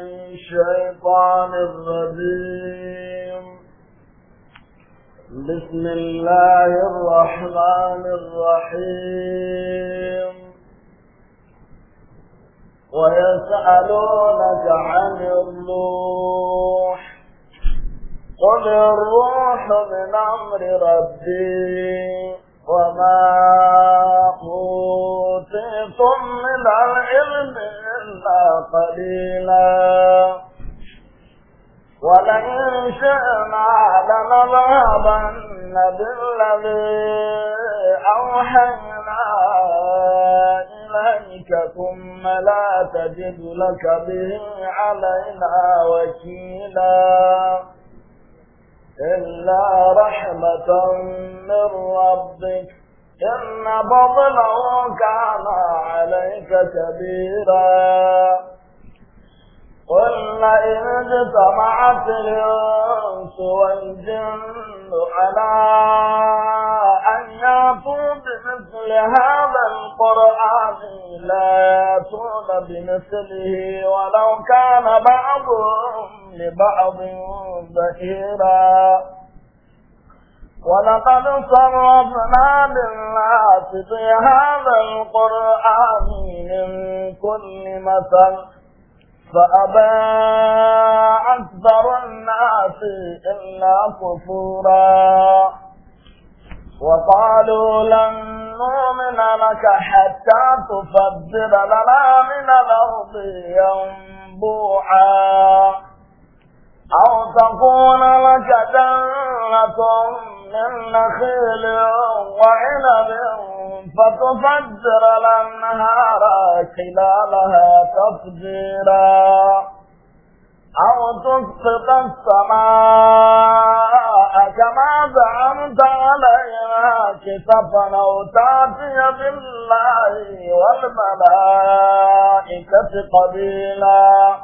الشيطان الرجيم بسم الله الرحمن الرحيم ويسألونك عن الروح قل الروح من أمر ربي وما أوتيتم من العلم إلا قليلا ولئن شئنا لنذهبن بالذي أوحينا إليك ثم لا تجد لك به علينا وكيلا إلا رحمة من ربك إن فضله كان عليك كبيرا قل إن اجتمعت الإنس والجن على أن يأتوا بمثل هذا القرآن لا يأتون بمثله ولو كان بعضهم لبعض ظهيرا ولقد صرفنا للناس في هذا القرآن من كل مثل فأبى أكثر الناس إلا كفورا وقالوا لن نؤمن لك حتى تفجر لنا من الأرض ينبوعا أو تكون لك جنة من نخيل وعنب فتفجر الأنهار خلالها تفجيرا أو تسقط السماء كما زعمت علينا كسفا أو تأتي بالله والملائكة قبيلا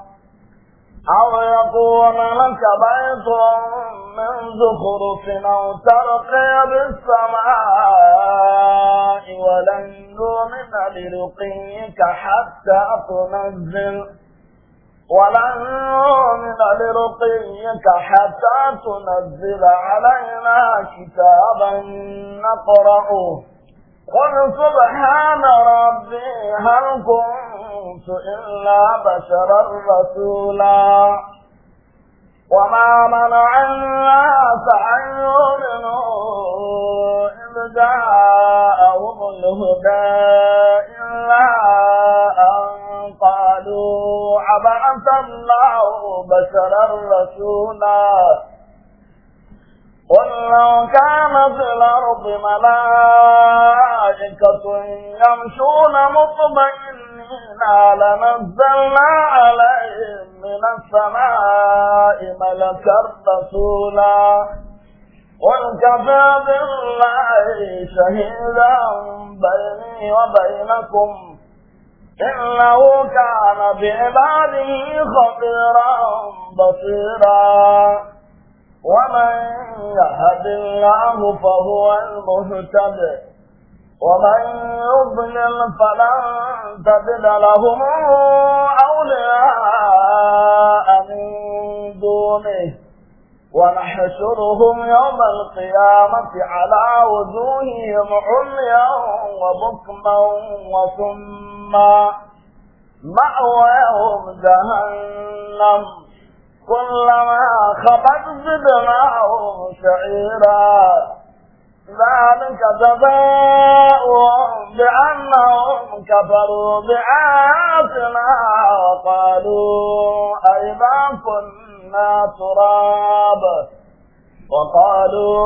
أو يكون لك بيت من زخرف أو ترقي بالسماء ولن نؤمن لرقيك حتى تنزل ولن نؤمن برقيك حتى تنزل علينا كتابا نقرأه قل سبحان ربي هل كنت كنت إلا بشرا رسولا وما منع الناس أن يؤمنوا إذ جاءهم الهدى إلا أن قالوا أبعث الله بشرا رسولا قل لو كان في الأرض ملائكة يمشون مطمئنين إنا لنزلنا عليهم من السماء ملكا رسولا قل كفى بالله شهيدا بيني وبينكم إنه كان بعباده خبيرا بصيرا ومن يهد الله فهو المهتد ومن يضلل فلن تجد لهم أولياء من دونه ونحشرهم يوم القيامة على وجوههم عميا وبكما وثما مأواهم جهنم كلما خبت زدناهم سعيرا ذلك جزاء بأنهم كفروا بآياتنا وقالوا أئذا كنا تراب وقالوا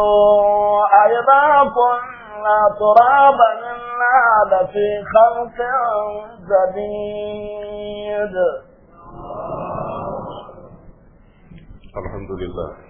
أئذا كنا ترابا إنا لفي خلق جديد الحمد لله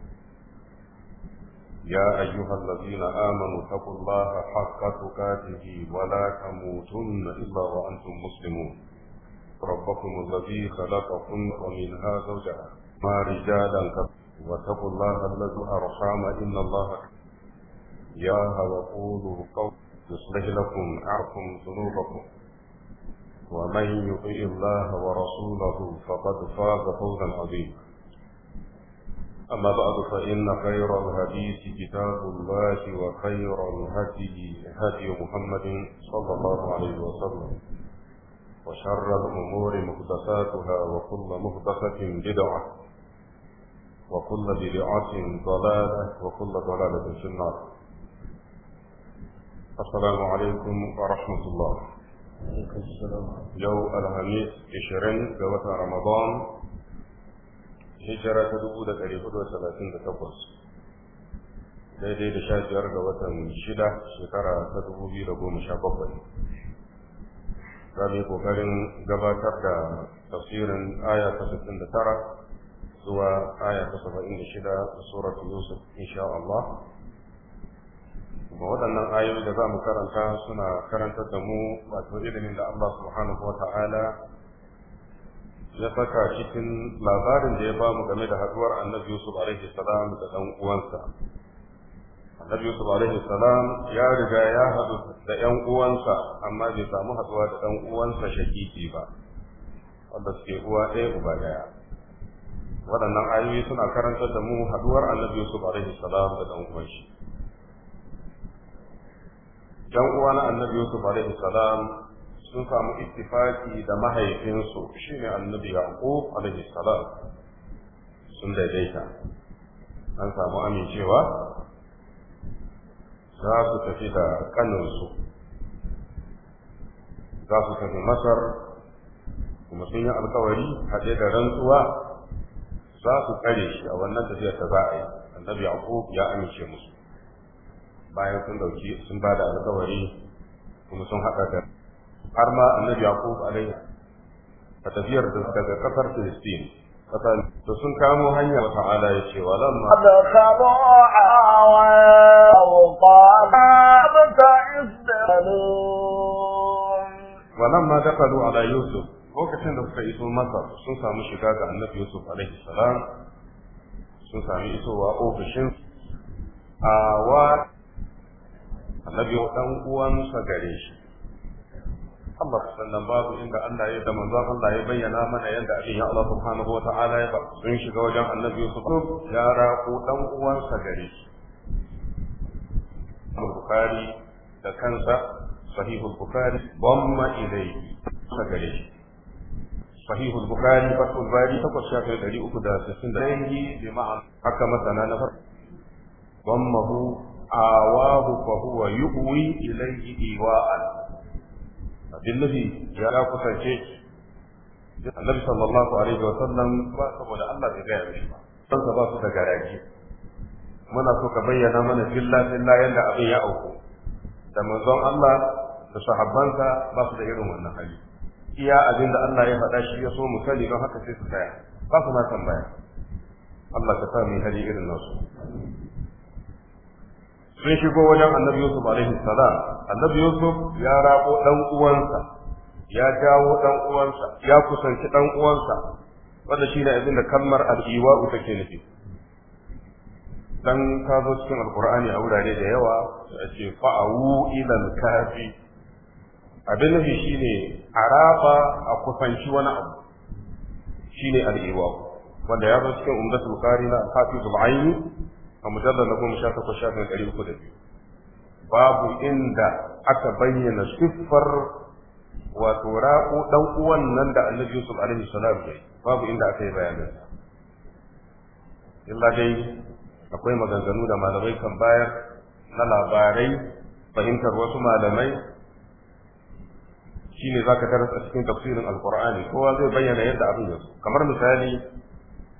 يا أيها الذين آمنوا اتقوا الله حق تقاته ولا تموتن إلا وأنتم مسلمون ربكم الذي خلقكم ومنها زوجها ما رجالا واتقوا الله الذي أرحم إن الله يا هوى قولوا قول يصلح لكم أعكم ذنوبكم ومن يطيع الله ورسوله فقد فاز فوزا عظيما أما بعد فإن خير الحديث كتاب الله وخير الهدي هدي محمد صلى الله عليه وسلم وشر الأمور محدثاتها وكل محدثة بدعة وكل بدعة ضلالة وكل ضلالة في النار السلام عليكم ورحمة الله السلام. يوم الخميس 20 جوة رمضان hijira ta dubu da ɗari hudu da talatin da takwas daidai da sha biyar ga watan shida shekara ta dubu biyu da goma sha bakwai za mu yi ƙoƙarin gabatar da tafsirin aya ta sittin da tara zuwa aya ta saba'in da shida ta surat yusuf insha Allah kuma waɗannan ayoyi da za mu karanta suna karantar da mu wato ilimin da Allah subhanahu wa ta'ala ya saka cikin labarin da ya ba mu game da haduwar annabi Yusuf alaihi salam da dan uwansa annabi Yusuf alaihi salam ya riga ya hadu da yan uwansa amma bai samu haduwa da dan uwansa shakiki ba wanda suke uwa ɗaya uba ɗaya waɗannan ayoyi suna karantar da mu haduwar annabi Yusuf alaihi salam da dan uwan shi dan uwa na annabi Yusuf alaihi salam sun samu ittifaki da mahaifinsu shine annabi yaqub alaihi salam sun daidaita an samu amincewa za su tafi da kaninsu za su tafi masar kuma sun yi alkawari haɗe da rantsuwa za su kare shi a wannan tafiyar ta za a yi annabi yaqub ya amince musu bayan sun dauki sun ba da alkawari kuma sun haɗa da har ma annabi yaqub alaihi a tafiyar da daga kasar filistin kasar da sun kamo hanya wa ta'ala ya ce wa lamma da kamo awa wa qala abta isdalu wa lamma dakalu ala yusuf lokacin da suka iso masar sun samu shiga ga annabi yusuf alaihi salam sun sami isowa ofishin awa annabi dan sa gare shi Allah sannan babu inda Allah ya da manzon Allah ya bayyana mana yadda abin ya Allah subhanahu wata'ala ya ba sun shiga wajen Annabi Yusuf ya rako dan uwansa gare shi Bukhari da kansa sahihul Bukhari bamma ilayhi sa gare shi صحيح البخاري فتح الباري تقول شافعي الذي أخذ سسند عليه بمعنى حكى مثلا نفر ضمه آواه فهو يؤوي إليه إيواء abin nufi ya kusance annabi sallallahu alaihi wa sallam ba saboda Allah bai gaya mishi ba san ba su da garaji muna so ka bayyana mana billahi filla yanda abin ya auku da manzon Allah da sahabbansa ba su da irin wannan hali iya abin da Allah ya faɗa shi ya so mu sani don haka sai su tsaya ba su ma tambaya Allah ka sa mu hali irin nasu sun shigo wajen annabi yusuf alaihi salam annabi yusuf ya rabo dan uwansa ya jawo dan uwansa ya kusanci dan uwansa wanda shi ne abin da kalmar al'iwa'u take nufi dan ka zo cikin alqur'ani a wurare da yawa a ce fa'awu ila kafi abin nufi ne araba a kusanci wani abu Shi ne al'iwa'u wanda ya zo cikin umdatul kari na hafiz al a mujallar na goma sha takwas shafin ɗari uku da biyu babu inda aka bayyana siffar wato raƙo ɗan uwan nan da annabi yusuf alaihi salam ya babu inda aka yi bayanin sa illa dai akwai maganganu da malamai kan bayar na labarai fahimtar wasu malamai shine zaka tarasa cikin tafsirin alqur'ani kowa zai bayyana yadda abin yake kamar misali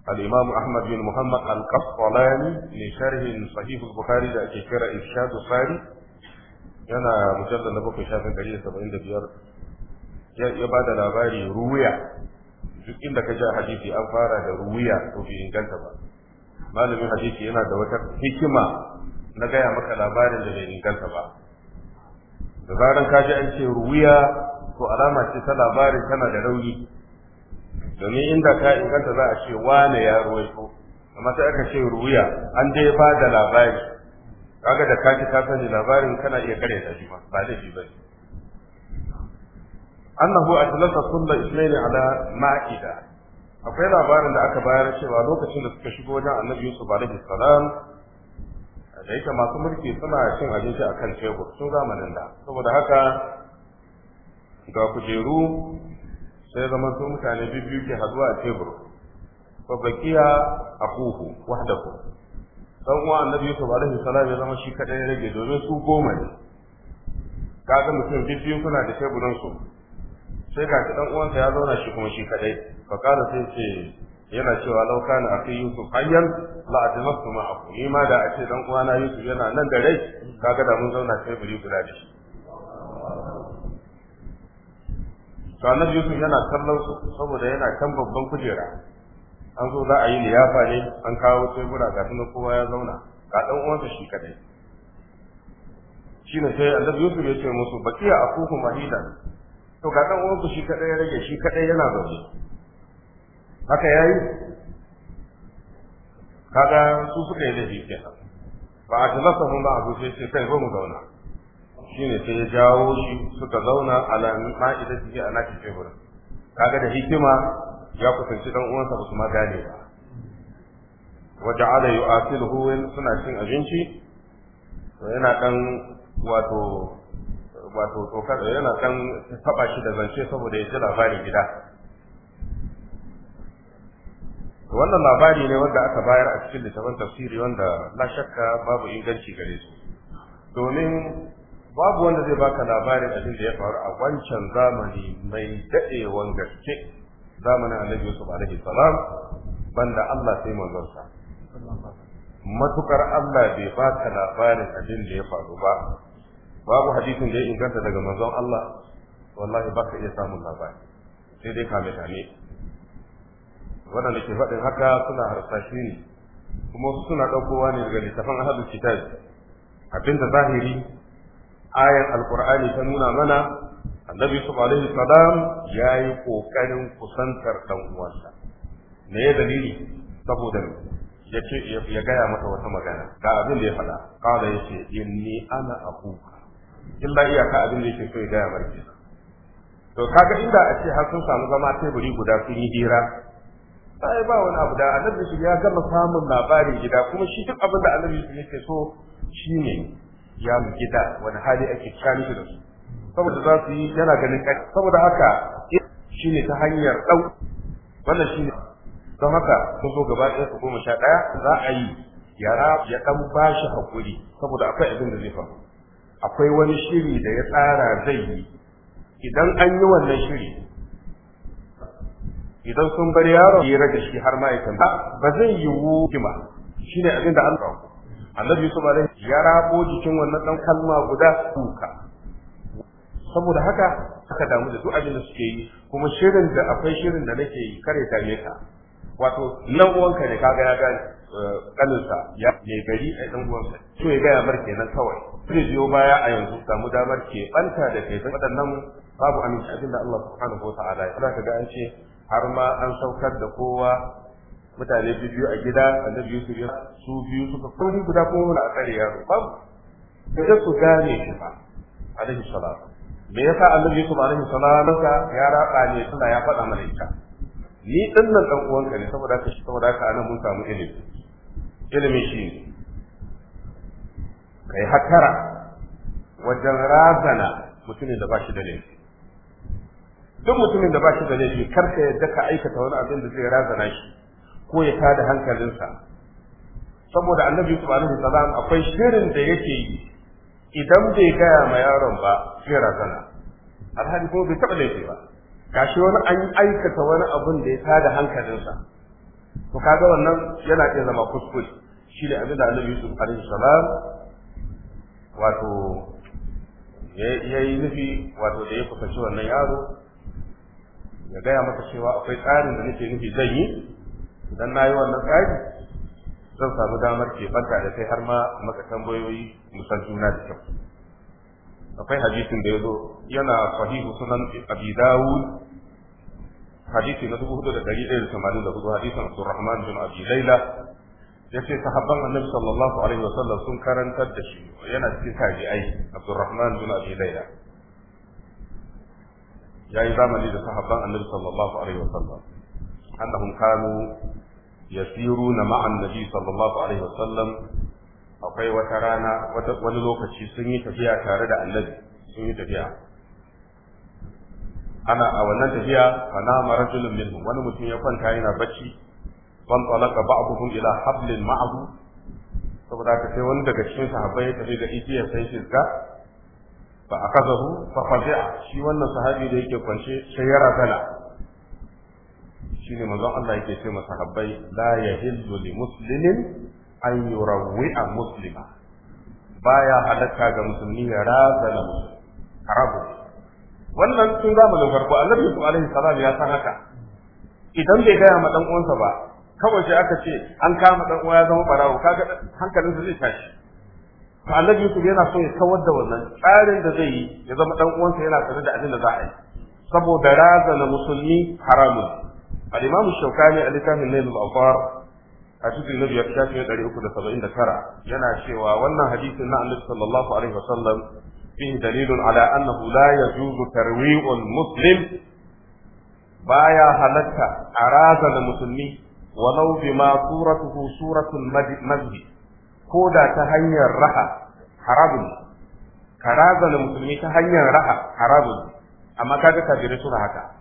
الإمام أحمد بن محمد القسطلاني لشرح صحيح البخاري ده كفر إرشاد الصاري أنا مجلد نبوك شاف قليل سبعين دبير يبعد الأباري روية duk inda ka ja hadisi an fara da ruwiya to bai inganta ba malamin hadisi yana da wata hikima na gaya maka labarin da bai inganta ba da zarar ka ji an ce ruwiya to alama ce ta labarin tana da rauni domin inda ka inganta za a ce wane ya ruwaito amma sai aka ce ruya an dai ba da labari kaga da kaki ka sani labarin kana iya kare ta shi ba, ba da shi ba annahu atlasa kullu ismaili ala ma'ida akwai labarin da aka bayar cewa lokacin da suka shigo wajen annabi yusuf alaihi salam da yake masu mulki suna cin abinci akan tebur sun zamanin da saboda haka ga kujeru sai zama to mutane biyu ke haduwa a tebur fa bakiya akuhu wahdahu dan uwa annabi yusuf alaihi salam ya zama shi kadai ya rage domin su goma ne kaga mutum biyu suna da teburin su sai ga dan uwansa ya zauna shi kuma shi kadai fa kana sai ce yana cewa law kana akai yusuf hayyan la adamastu ma'ahu ni ma da ace dan uwana yusuf yana nan da rai kaga da mun zauna teburi guda da shi to annabi yusuf yana kallon su saboda yana kan babban kujera an zo za a yi liyafa ne an kawo tebura ga tunan kowa ya zauna ga dan uwansa shi kadai shine sai annabi yusuf ya ce musu baqiya akuhu mahida to ga dan uwansa shi kadai ya rage shi kadai yana zaune haka yayi kaga su suka yi da shi kenan ba a tilasta mun ba a zuce sai kai zo mu zauna shine sai ya jawo shi suka zauna a ala ma'ida jiki a nakin tebur kaga da hikima ya kusanci dan uwansa ba su ma gane ba waja'ala huwin suna cin abinci to yana dan wato wato tsokar yana dan taba shi da zance saboda ya ji labarin gida wannan labari ne wanda aka bayar a cikin littafin tafsiri wanda la shakka babu inganci gare su domin babu wanda zai baka labarin abin da ya faru a wancan zamani mai daɗewan gaske zamanin annabi Yusuf alaihi salam banda Allah sai manzonsa matukar Allah bai baka labarin abin da ya faru ba babu hadisin da ya inganta daga manzon Allah wallahi baka iya samun labari sai dai kame kame waɗanda ke faɗin haka suna harsashi ne kuma wasu suna ɗaukowa ne daga littafin ahalul kitab abinda zahiri ayan alkur'ani ta nuna mana annabi su alaihi salam ya yi ƙoƙarin kusantar ɗan uwansa me ya dalili saboda ya ce ya gaya masa wata magana ga abin da ya faɗa ƙara ya ce inni ana abuka illa iyaka abin da yake so ya gaya marke to kaga inda a ce har sun samu zama teburi guda sun yi hira sai ba wani abu da annabi shi ya gama samun labarin gida kuma shi duk abin da annabi yake so shine ya gida wani hali ake kani da su saboda za su yi yana ganin kai saboda haka shine ta hanyar ɗau, wannan shine don haka sun zo gaba ɗaya su goma sha ɗaya za a yi yara ya ɗan ba shi haƙuri saboda akwai abin da zai faru akwai wani shiri da ya tsara zai yi idan an yi wannan shiri idan sun bar yaron ya rage shi har ma ya ba zai yiwu kima shine abin da an faru annabi yusuf alaihi ya rabo jikin wannan dan kalma guda kuka saboda haka aka damu da duk abin da suke yi kuma shirin da akwai shirin da nake yi kare ne ka wato nan uwanka ne kaga ya gane eh, kaninsa ya mai gari a ɗan uwansa to ya gaya mar kenan kawai sai biyo baya a yanzu samu damar keɓanta banta da kai waɗannan babu aminci abinda Allah subhanahu wa ta'ala ya ka ga an ce har ma an saukar da kowa mutane biyu a gida annabi Yusuf ya su biyu suka sauri guda kuma wani akari yaro babu da su gane shi ba alaihi salatu me yasa annabi Yusuf alaihi salatu ya raba ne suna ya faɗa mana ita ni din nan dan ka ne saboda ka shi saboda ka anan mun samu ilimi ilimi shi kai hatara wajen razana mutumin da ba shi da laifi duk mutumin da ba shi da laifi kar ka yadda ka aikata wani abin da zai razana shi ko ya tada hankalinsa saboda annabi subhanahu wasallam akwai shirin da yake yi idan bai gaya ma yaron ba sai razana alhali ko bai taɓa laifi ba gashi wani an aikata wani abun da ya tada hankalinsa to kaga wannan yana iya zama kuskure shi ne abin da annabi yusuf alaihi salam wato ya yi nufi wato da ya kusanci wannan yaro ya gaya masa cewa akwai tsarin da nake nufi zan yi idan na yi wannan tsari zan samu damar ke keɓanta da kai har ma maka tambayoyi musan juna da kyau akwai hadisin da ya zo yana sahihu sunan abi dawud hadisi na dubu hudu da dari ɗaya da tamanin da hudu hadisin abdurrahman bin abi laila ya ce sahabban annabi sallallahu alaihi wasallam sun karantar da shi yana cikin tabi'ai abdurrahman bin abi laila ya yi zamani da sahabban annabi sallallahu alaihi wasallam annahum kanu yasiruna ma'an nabi sallallahu alaihi wasallam akwai wata rana wani lokaci sun yi tafiya tare da annabi sun yi tafiya ana a wannan tafiya fana rajulun min wani mutum ya kwanta yana bacci wan talaka ba'dhum ila hablin ma'ahu saboda haka sai wani daga cikin sahabbai ya tafi da igiyar sai shirka fa su fa fazi'a shi wannan sahabi da yake kwance sai ya razana ne mazan Allah yake ce masa habbai la yahillu li muslimin an musulma. muslima ya halatta ga musulmi ya razana harabu wannan tun zamanin farko annabi su alaihi salam ya san haka idan bai gaya ma dan uwansa ba kawai sai aka ce an kama dan uwa ya zama barawo kaga hankalinsa zai tashi to annabi su yana so ya kawar da wannan tsarin da zai yi ya zama dan uwansa yana tare da abin da za a yi saboda razana musulmi haramun al-imam shaukani a littafin nailul afar a cikin na biyar shafin ɗari uku da saba'in da tara yana cewa wannan hadisin na annabi sallallahu alaihi wasallam fihi dalilun ala annahu la yajuzu tarwi'ul muslim baya halatta a razana musulmi walau bima suratuhu suratul madhi ko da ta hanyar raha harabun ka razana musulmi ta hanyar raha amma suna haka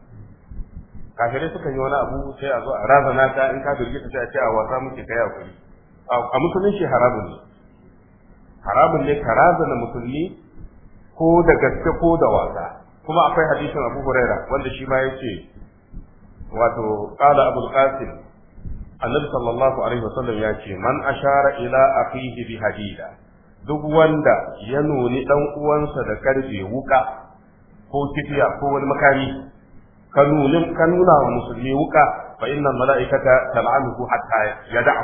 kafirai suka yi wani abu sai a zo a razana ta in ka ta sai a ce a wasa muke kai hakuri a shi haramun ne haramun ne ka razana musulmi ko da gaske ko da wasa kuma akwai hadisin Abu Huraira wanda shi ma ce wato kala Abu Qasim Annabi sallallahu alaihi wasallam ya ce man ashara ila akhihi bi hadida duk wanda ya nuni dan uwansa da karfe wuka ko kifiya ko wani makami ka ka nuna wa musulmi wuka fa innal mala'ikata tal'anuhu hatta yad'u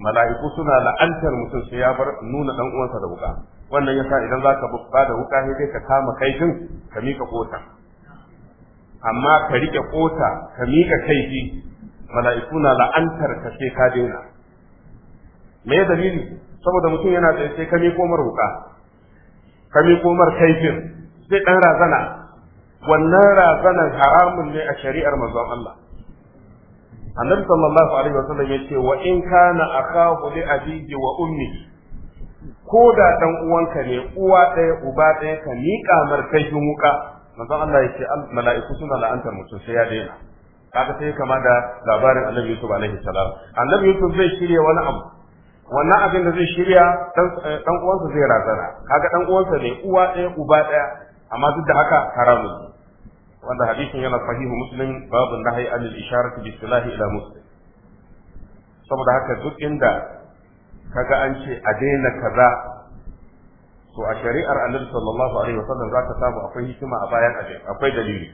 mala'iku suna la'antar mutum sai ya bar nuna dan uwansa da wuka wannan yasa idan zaka ba da wuka sai ka kama kaifin ka mika kota amma ka rike kota ka mika kaifi mala'iku na la'antar ka sai ka daina me dalili saboda mutum yana da sai ka miko mar ka miko mar kaifin sai dan razana wannan razanan haramun ne a shari'ar mazan Allah annabi sallallahu alaihi wasallam ya ce wa in kana akahu li abihi wa umni, ko da dan uwanka ne uwa ɗaya uba ɗaya ka miƙa markashin muka, mazan Allah ya ce mala'iku suna la'antar mutum sai ya daina Aka sai kama da labarin annabi Yusuf alaihi salam annabi Yusuf zai shirya wani abu wannan abin da zai shirya dan eh, uwansa zai razana kaga dan uwansa ne uwa ɗaya uba ɗaya amma duk da haka haramun wanda hadisin yana sahihu muslim babu nahyi anil isharati bi silahi ila muslim saboda haka duk inda kaga an ce a daina kaza to a shari'ar annabi sallallahu alaihi wasallam zaka samu akwai hikima a bayan ajin akwai dalili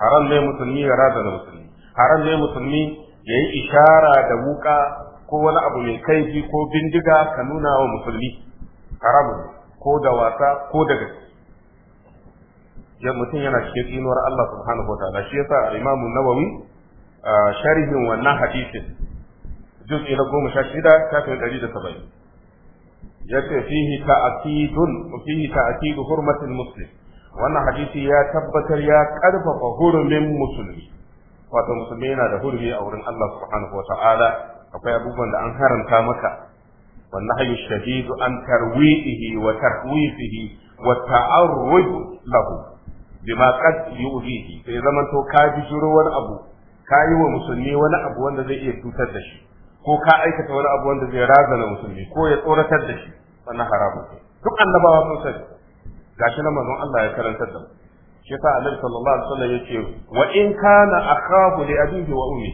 haram ne musulmi ya rada da musulmi haram ne musulmi ya yi ishara da wuka ko wani abu mai kaifi ko bindiga ka nuna wa musulmi haramun ko da wasa ko da gaske mutum yana cikin tsinuwar Allah subhanahu wataala shi yasa al-Imam Nawawi sharhin wannan hadisin juz'i na goma sha shida shafin ɗari da saba'in ya ce fihi ta'akidun fihi ta'akidu hurmatin muslim wannan hadisi ya tabbatar ya karfafa hurumin musulmi wato musulmi yana da hurumi a wurin Allah subhanahu wataala akwai abubuwan da an haramta maka Wannan an الشديد عن ترويئه وتخويفه والتعرض له bima qad yu'dihi sai zaman to ka ji shiro abu ka yi wa musulmi wani abu wanda zai iya cutar da shi ko ka aikata wani abu wanda zai razana musulmi ko ya tsoratar da shi wannan haramun duk annabawa sun sani gashi na manzon Allah ya karantar da mu shi yasa annabi sallallahu alaihi wasallam yace wa in kana akhahu li abihi wa ummi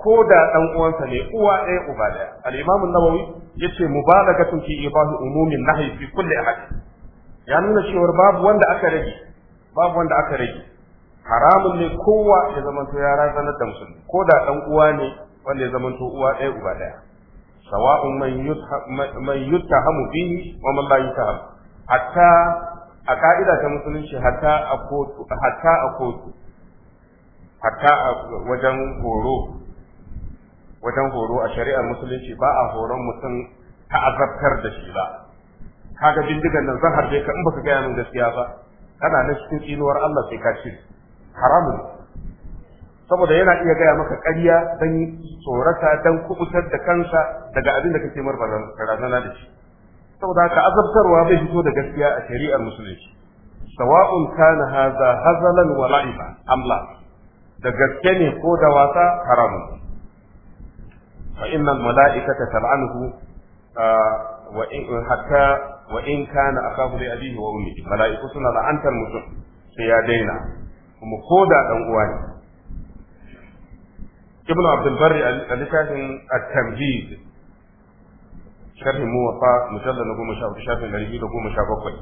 ko da dan uwansa ne uwa ɗaya uba ɗaya al-imam an-nawawi yace mubalagatun fi ibahi umumin nahyi fi kulli ahad ya nuna cewa babu wanda aka rage babu wanda aka rage haramun ne kowa ya zamanto ya razanar da musulmi ko da dan uwa ne wanda ya zamanto uwa ɗaya uba ɗaya sawa'un man yuttahamu bihi wa man la yuttaham hatta a ka'ida ta musulunci hatta a kotu hatta a kotu hatta a wajen horo wajen horo a shari'ar musulunci ba a horon mutum ta azabtar da shi ba kaga bindigan nan zan harbe ka in baka gaya min gaskiya ba kana na cikin tsinuwar Allah sai ka shiri haramun saboda yana iya gaya maka ƙarya don tsorata don kubutar da kansa daga abin da kake mar barazana da shi saboda haka azabtarwa bai fito da gaskiya a shari'ar musulunci sawa'un kana haza hazalan wa la'iba amla da gaske ne ko da wasa haramun fa innal mala'ikata tal'anuhu wa in hatta wa in kana akahu li abihi wa ummi mala'iku suna la'antar mutum sai ya daina kuma ko da dan uwa ne ibnu abdul barri al kashin at-tamjid sharhi muwafa mujallal na goma sha hudu shafin ɗari biyu da goma sha bakwai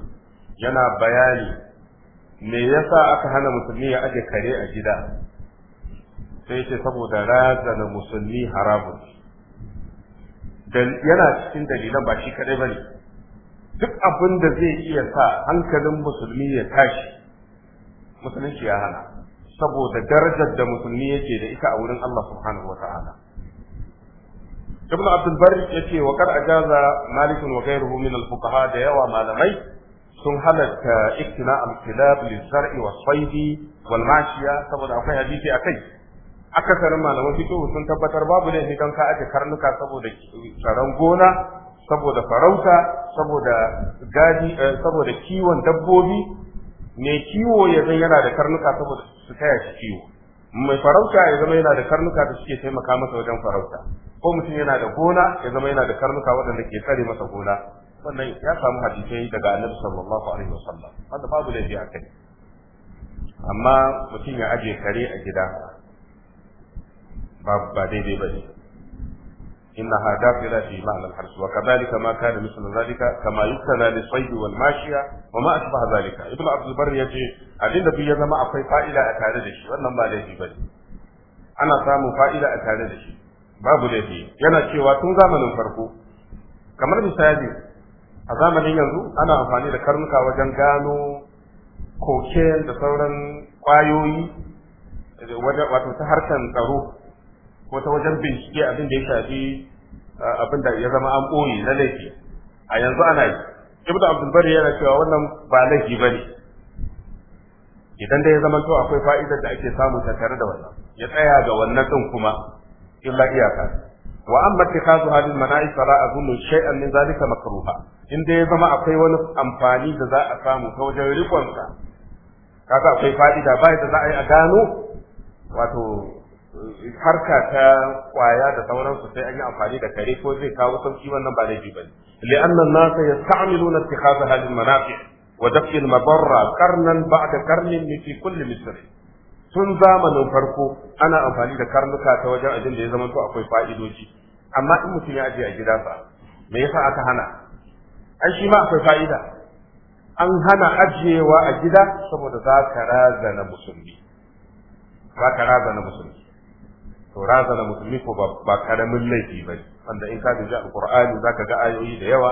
yana bayani me yasa aka hana musulmi ya aje kare a gida sai ce saboda razana musulmi haramun yana cikin dalilan ba shi kadai bane duk abin da zai iya sa hankalin musulmi ya tashi musulunci ya hana saboda darajar da musulmi yake da ita a wurin Allah subhanahu wa ta'ala ibn abdul bar yace wa kar ajaza malik wa ghayruhu min al fuqaha da yawa malamai sun halatta iktina al kilab lil zar'i was sayd wal mashiya saboda akwai hadisi akai akasarin malaman fito sun tabbatar babu ne don ka aje karnuka saboda tsaron gona saboda farauta saboda gadi eh, saboda kiwon dabbobi mai kiwo ya zan yana da karnuka saboda su taya shi kiwo mai farauta ya zama yana da karnuka da suke taimaka masa wajen farauta ko mutum yana da gona ya zama yana da karnuka waɗanda ke tsare masa gona wannan ya samu hadisai daga annabi sallallahu alaihi wasallam wanda babu laifi a kai amma mutum ya aje kare a gida ba daidai ba inna hada fila fi ma'na al harsh wa kadhalika ma kana mithla dhalika kama yusana li sayd wal mashiya wa ma asbaha dhalika ibn abdul bar yace abin da ya zama akwai fa'ila a tare da shi wannan ba laifi bane ana samun fa'ila a tare da shi babu laifi yana cewa tun zamanin farko kamar misali a zamanin yanzu ana amfani da karnuka wajen gano koke da sauran kwayoyi wato ta harkan tsaro ko ta wajen bincike abin da ya shafi abin da ya zama an ɓoye na laifi a yanzu ana yi ibnu abdul bari yana cewa wannan ba laifi ba ne idan da ya zama to akwai fa'idar da ake samu ta tare da wannan ya tsaya ga wannan din kuma illa iyaka wa amma tikhazu hadhihi mana'is fara azunnu shay'an min zalika makruha in da ya zama akwai wani amfani da za a samu ta wajen rikon ka kaga akwai fa'ida ba da za a yi a gano wato harka ta kwaya da sauransu sai an yi amfani da kare ko zai kawo sauki wannan ba laifi ba li'anna an-nasa yasta'miluna ittikhadha hadhihi al-manafi' wa daf'i al-madarra qarnan ba'da qarnin fi kulli tun zamanin farko ana amfani da karnuka ta wajen abin da ya zama to akwai fa'idoji amma in mutum ya ajiye a gidansa me yasa aka hana An shi ma akwai fa'ida an hana ajiyewa a gida saboda za ka razana musulmi za ka razana musulmi to razana musulmi ko ba karamin laifi ba wanda in ka ji za zaka ga ayoyi da yawa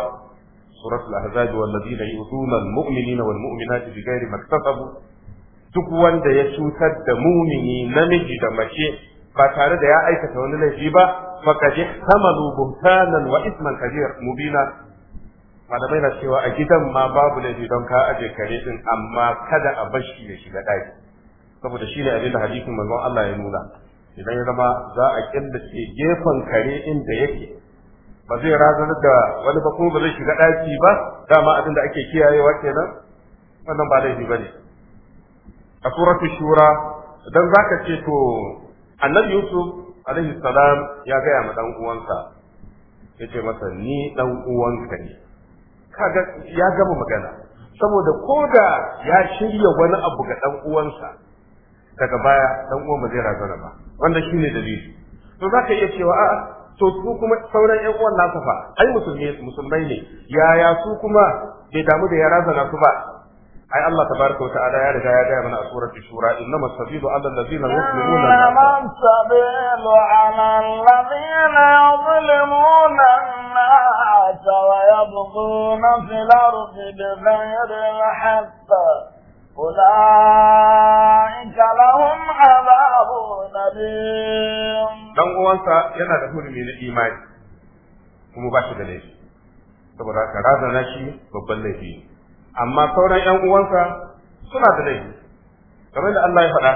suratul ahzab wal ladina yu'tuna al mu'minina wal mu'minati bighairi maktasabu duk wanda ya cutar da mumini namiji da mace ba tare da ya aikata wani laifi ba faqad ihtamalu buhtanan wa isman kabir mubina malamai na cewa a gidan ma babu laifi don ka aje kare din amma kada a bashi ya shiga daki saboda shine ne abinda hadisin manzon Allah ya nuna idan ya zama za a killace gefen kare inda yake ba zai razana da wani ba kuma ba zai shiga daki ba dama abin da ake kiyayewa kenan wannan ba laifi ba ne a suratu shura idan za ka ce to annabi yusuf alaihi salam ya gaya ma dan uwansa ya ce masa ni dan uwanka ne kaga ya gama magana saboda ko da ya shirya wani abu ga dan uwansa daga baya dan uwan ba zai razana ba wanda shine dalili to zaka iya cewa a'a to su kuma sauran ƴan uwan nasa fa ai musulmi musulmai ne yaya su kuma bai damu da ya razana su ba ai Allah tabaraka wa ta'ala ya riga ya ga mana a suratul shura Inna sabilu ala allazina yuzlimuna innama sabilu ala allazina yuzlimuna الناس ويبغون في الأرض بغير الحق أولئك لهم عذاب أليم dan uwansa yana da hurumi na imani kuma ba shi da laifi saboda haka na shi babban laifi amma sauran yan uwansa suna da laifi kamar da Allah ya faɗa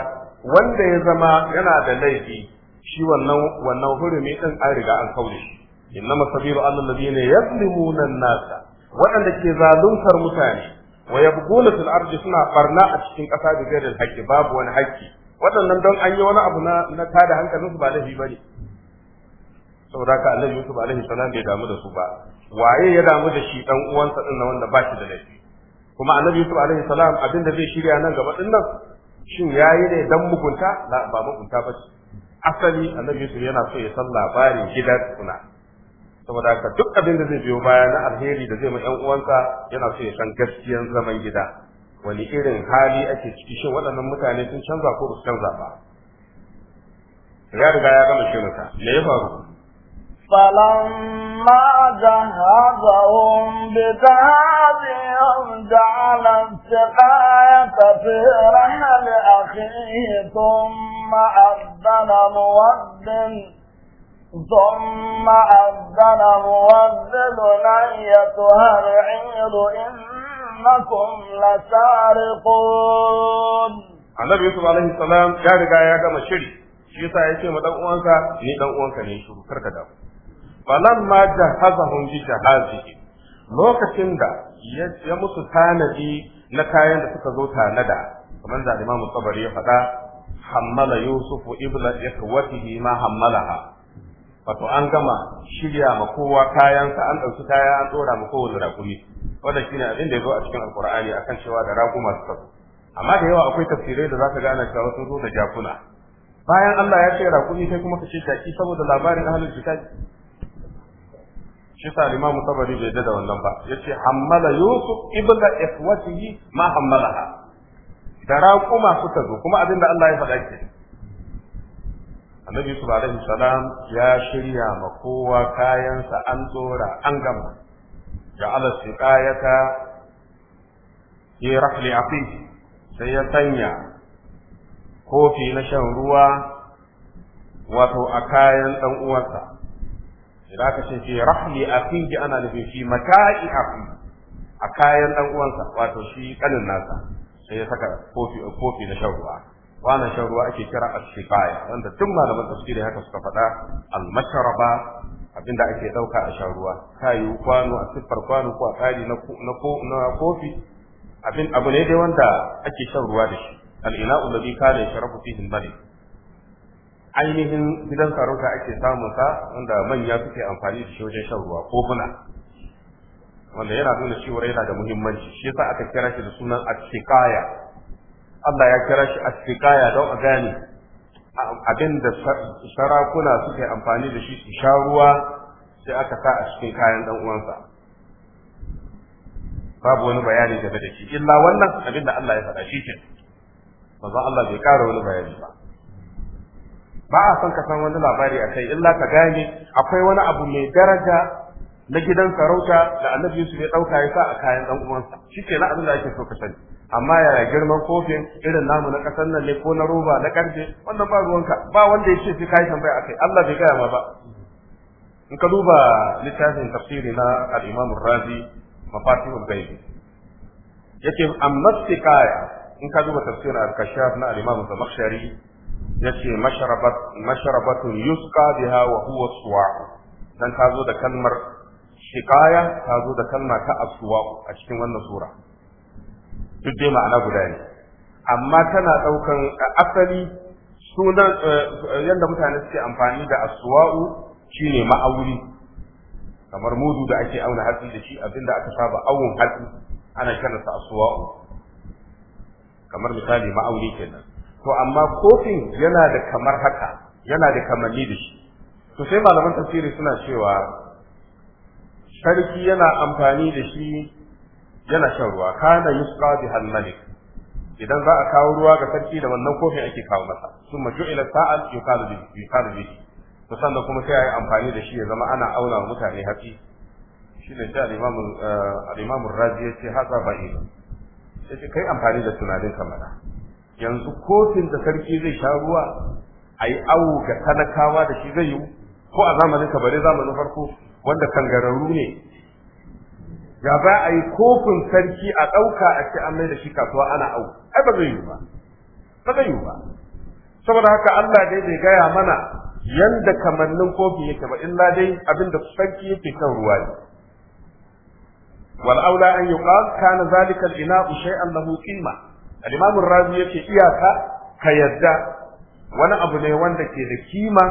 wanda ya zama yana da laifi shi wannan wannan hurumi din an riga an kaure shi innama sabilu alladhina yazlimuna an-nasa waɗanda ke zalunkar mutane wa yabghuna fil ardi suna barna a cikin ƙasa da da haƙi babu wani haƙi waɗannan don an yi wani abu na na tada hankalin su ba shi bane saboda ka Allah Yusuf alaihi salam bai damu da su ba waye ya damu da shi dan uwansa din na wanda ba shi da laifi kuma annabi Yusuf alaihi salam abin da zai shirya nan gaba din nan shin yayi ne dan mugunta ba mugunta ba asali annabi Yusuf yana so ya san labarin gidan kuna saboda haka duk abin da zai biyo baya na alheri da zai ma yan uwansa yana so ya san gaskiyan zaman gida wani irin hali ake ciki shin waɗannan mutane sun canza ko ba su canza ba ya riga ya gama shirinsa me ya faru فلما جهزهم بجهازهم جعل السقاية في رحل أخيه ثم أذن مؤذن ثم أذن مؤذن أيتها العير إنكم لسارقون Annabi Yusuf alaihi salam ya riga ya gama shiri shi yasa ya ce ma dan uwanka ni dan uwanka ne shiru karka da falan ma jahazahum bi jahazihi lokacin da ya musu tanadi na kayan da suka zo tanada kamar da Imam Tabari ya faɗa hammala Yusuf ibnu ikhwatihi ma hammalaha wato an gama shirya ma kowa kayansa an ɗauki kaya an ɗora ma kowane rakumi wannan shine abin da ya zo a cikin alkur'ani akan cewa da ragu masu kasu amma da yawa akwai tafsirai da zaka gane cewa sun zo da jakuna bayan Allah ya ce rakumi sai kuma ka ce jaki saboda labarin ahlul kitab shi sa limamu tabari bai da wannan ba Ya ce hammala yusuf ibla ikwatihi ma hammalaha da raƙuma ta zo kuma abin da Allah ya faɗa ke annabi yusuf alaihi salam ya shirya ma kowa kayansa an tsora an gama ja'ala kayata fi rafli afi sai ya sanya kofi na shan ruwa wato a kayan dan uwansa idan aka ce fi rahli aqiqi ana nufin shi maka'i afi a kayan dan uwansa wato shi kanin nasa sai ya saka kofi kofi na shan ruwa wannan shan ruwa ake kira asfibaya wanda duk malaman tafsiri haka suka faɗa almasharaba abinda ake ɗauka a shan ruwa ta kwano a siffar kwano ko a tsari na kofi abin abu ne dai wanda ake shan ruwa da shi al'ina'u da bi kana sharafu fihin malik ainihin gidan sarauta ake samun sa wanda manya suke amfani da shi wajen shan ruwa ko buna wanda yana nuna cewa yana da muhimmanci shi yasa aka kira shi da sunan atikaya Allah ya kira shi asfiqaya don a gane abin da sarakuna suka yi amfani da shi su sha ruwa sai aka sa a cikin kayan dan uwansa babu wani bayani game da shi illa wannan abin da Allah ya faɗa shi ke manzo Allah bai ƙara wani bayani ba ba a son ka san wani labari a kai illa ka gane akwai wani abu mai daraja na gidan sarauta da annabi Yusuf ya ɗauka ya sa a kayan dan uwansa shi ke na abin da ake so ka sani amma yaya girman kofin irin namu na kasar nan ne ko na roba na karfe wannan ba ruwanka ba wanda ya ce sai kai tambaya akai Allah bai gaya ma ba in ka duba littafin tafsiri na al-Imam Razi mafatihul ghaib yake amma sikaya in ka duba tafsirin al-Kashaf na al-Imam Zamakhshari yace masharabat masharabatu yusqa biha wa huwa suwa' dan ka zo da kalmar shikaya ta zo da kalma ta aswa a cikin wannan sura duk dai ma'ana guda ne amma tana ɗaukan asali sunan eh, eh, yadda mutane suke amfani da aswa'u shine ma'auri kamar mudu da ake auna hatsi da shi abinda aka saba awon hatsi ana kiransa aswa'u kamar misali ma'auri kenan to amma kofin yana da kamar haka yana da kamanni da shi to sai malaman tafsiri suna cewa sarki yana amfani da shi yana shan ruwa kana yusqa bi al-malik idan za a kawo ruwa ga sarki da wannan kofi ake kawo masa summa ju'ila sa'al yuqalu bi yuqalu bi to sannan kuma sai ayi amfani da shi ya zama ana auna mutane haƙi shi ne sai al-imam eh, al-imam ar-razi yace hada kai amfani da tunanin ka mana yanzu kofin da sarki zai sha ruwa ayi au ga talakawa da shi zai yi ko a zamanin ka bare zamanin farko wanda kangararru ne ya za a yi kofin sarki a ɗauka a ce an mai da shi kasuwa ana au ai ba zai yi ba ba zai yi ba saboda haka Allah dai bai gaya mana yanda kamannin kofin yake ba illa dai abinda sarki yake kan ruwa ne wal aula an yuqal kana zalika al ina'u shay'an lahu qimma al imam ar-razi yake iyaka ka yadda wani abu ne wanda ke da kima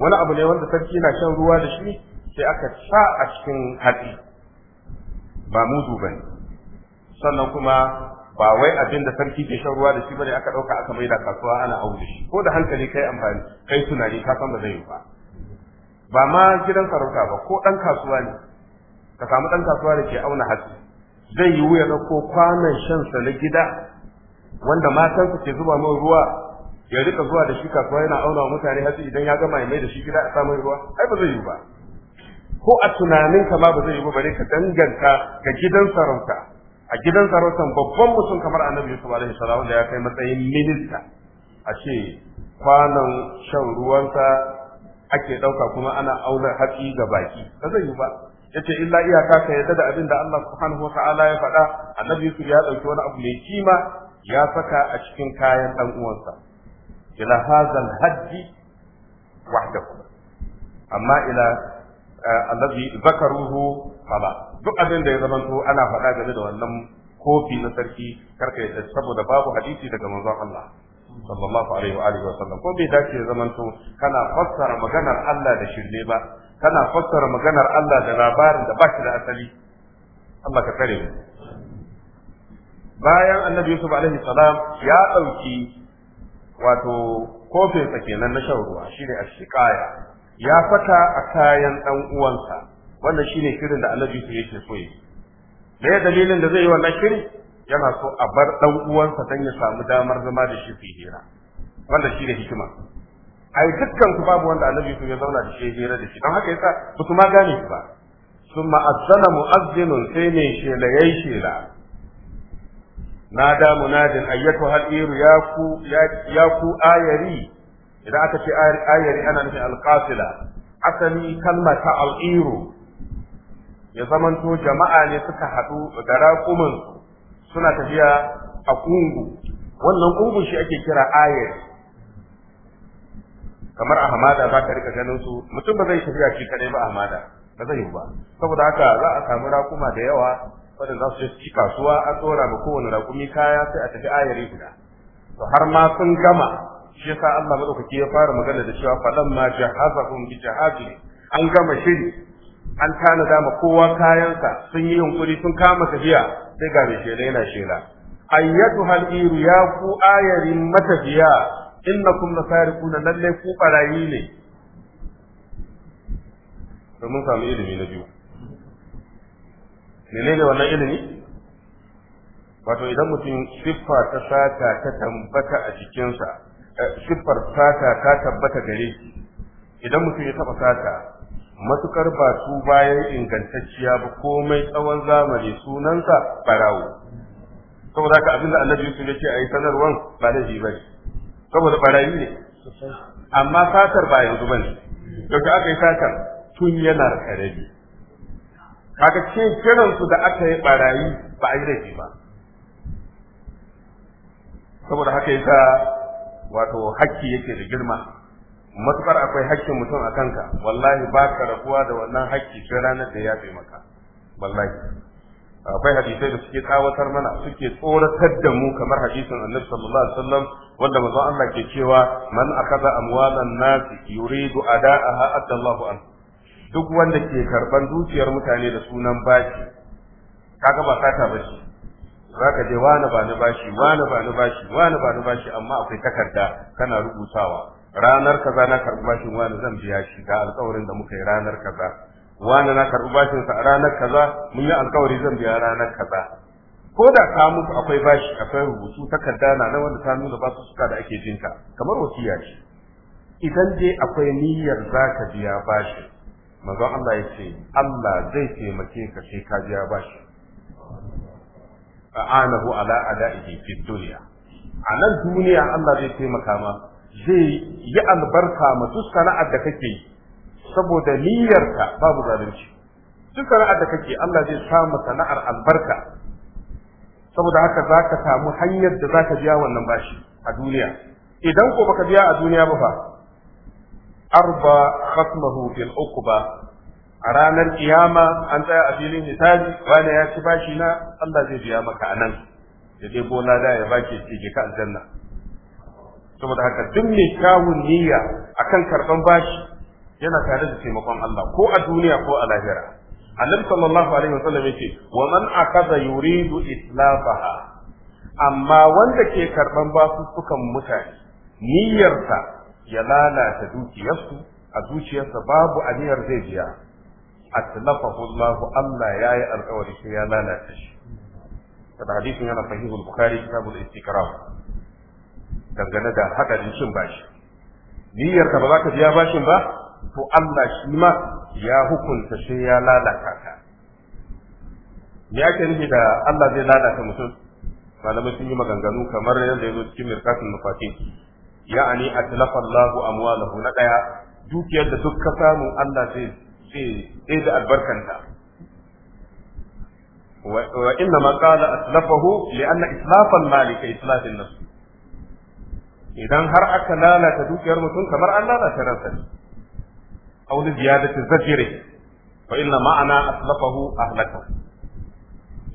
wani abu ne wanda sarki na shan ruwa da shi sai aka sha a cikin hatsi ba mudu ne sannan kuma ba wai abin da sarki ke shan ruwa da shi bane aka dauka aka maida kasuwa ana aure shi ko da hankali kai amfani kai tunani ka san ba zai yi ba ba ma gidan sarauta ba ko dan kasuwa ne ka samu dan kasuwa da ke auna hatsi zai yi wuya da ko kwanan shansa na gida wanda matansa ke zuba min ruwa ya rika zuwa da shi kasuwa yana auna wa mutane hatsi idan ya gama ya mai da shi gida a samun ruwa ai ba zai yi ba ko a tunaninka ma ba zai yi ba bare ka danganta ga gidan sarauta a gidan sarautan babban mutum kamar annabi yusuf alaihi salam da ya kai matsayin minista a ce kwanan shan ruwansa ake ɗauka kuma ana auna hatsi ga baki ba zai yi ba yace illa iyaka ka yadda da abin da Allah subhanahu wa ta'ala ya faɗa annabi yusuf ya ɗauki wani abu mai kima ya saka a cikin kayan ɗan uwansa ila hazal hajji wahdahu amma ila Eh, allazi zakaruhu fala duk abin da ya zamanto ana faɗa game da wannan kofi na sarki karka ya saboda babu hadisi daga manzon Allah sallallahu alaihi wa alihi wa sallam ko bai dace ya zamanto kana fassara maganar Allah da shirme ba kana fassara maganar Allah da labarin da ba shi da asali Allah ka kare mu bayan annabi yusuf alaihi salam ya dauki wato kofinsa kenan na shan ruwa shine ashiqaya ya fata a kayan ɗan uwansa wannan shine shirin da annabi su yake so yi me dalilin da zai yi wannan shirin yana so a bar ɗan uwansa don ya samu damar zama da shi fi hira wannan shine hikima ai dukkan ku babu wanda annabi su ya zauna da shi hira da shi don haka yasa ba su ma gane su ba summa azzana mu'azzinun sai ne shela yayi shela nada munadin ayyatu hal iru ya ku ya ku ayari idan aka ce ayari ana nufin alƙasila asali kalma ta al'iru ya zamanto jama'a ne suka haɗu da raƙumin suna tafiya a ƙungu wannan ƙungun shi ake kira ayari kamar a hamada za ka rika ganin su mutum ba zai tafiya shi kaɗai ba a hamada ba zai yi ba saboda haka za a samu rakuma da yawa wadanda za su je ci kasuwa an tsora ma kowane rakumi kaya sai a tafi ayari guda to har ma sun gama shi yasa Allah madaukaki ya fara magana da cewa ma jahazahum bi jahazi an gama shiri an da ma kowa kayansa sun yi yunkuri sun kama tafiya sai ga mai shela yana shela ayyatu hal iru ya ku ayarin matafiya innakum lasariquna lalle ku barayi ne to mun samu ilimi na biyu menene wannan ilimi wato idan mutum siffa ta sata ta tambata a jikinsa Eh, siffar sata ta tabbata gare shi idan mutum ya taba sata matukar ba su bayan ingantacciya ba komai tsawon zamani sunansa barawo saboda ka abinda annabi Yusuf a yi sanarwan ba da ba saboda barayi ne amma satar ba yanzu bane yau aka yi satar tun yana karabi kaga ce kiran su da aka yi barayi ba a yi laifi ba saboda haka yasa wato hakki yake da girma matukar akwai hakkin mutum a kanka wallahi ba ka rabuwa da wannan hakki sai ranar da ya taimaka wallahi akwai hadisai da suke tsawatar mana suke tsoratar da mu kamar hadisin annabi sallallahu alaihi wasallam wanda manzon Allah ke cewa man akaza amwalan nas yuridu ada'aha atallahu an duk wanda ke karban dukiyar mutane da sunan baki kaga ba sata bace za ka je wani ba ni bashi wani ba ni bashi wani ba ni bashi amma akwai takarda kana rubutawa ranar kaza na karɓi bashin wani zan biya shi ga alƙawarin da muka yi ranar kaza wani na karɓi bashin sa ranar kaza mun yi alƙawari zan biya ranar kaza ko da ka mutu akwai bashi akwai rubutu takarda na na wanda ta nuna ba su suka da ake jinka kamar wasiya ce idan dai akwai niyyar za ka biya bashi manzon Allah ya ce Allah zai taimake ka sai ka biya bashi a'anahu ala ada'ihi fi dunya a nan duniya Allah zai taimaka ma zai yi albarka ma duk sana'ar da kake yi saboda niyyarka babu zalunci duk sana'ar da kake Allah zai samu sana'ar albarka saboda haka za ka samu hanyar da za ka biya wannan bashi a duniya idan ko baka biya a duniya ba fa arba khatmahu fil uqba a ranar kiyama an tsaya a filin hisabi wani ya ci bashi na Allah zai biya maka anan da dai gona da ya baki ce ki ka aljanna saboda haka duk mai kawun niyya akan karban bashi yana tare da taimakon Allah ko a duniya ko a lahira annabi sallallahu alaihi wasallam yace wa man akaza yuridu islafaha amma wanda ke karban basufukan sukan mutane niyyarsa ya lalata dukiyarsu a zuciyarsa babu aniyar zai biya atlafahu Allah Allah yayi alƙawari shi ya lalata shi kada hadisin yana sahihul bukhari kitabul istiqrar dangane da hadarin shin bashi niyyar ka ba za ka biya bashin ba to Allah shi ma ya hukunta shi ya lalata ka me ake nufi da Allah zai lalata mutum malamai sun yi maganganu kamar yadda ya zo cikin mirkatun mafatin ya'ani atlafa Allah amwalahu na daya dukiyar da duk ka samu Allah zai suke da albarkanta wa inna ma qala aslafahu li anna islafan malika islafin nafs idan har aka lalata dukiyar mutum kamar an lalata ransa ne aw li ziyadati zajri fa inna ma'ana aslafahu ahlaka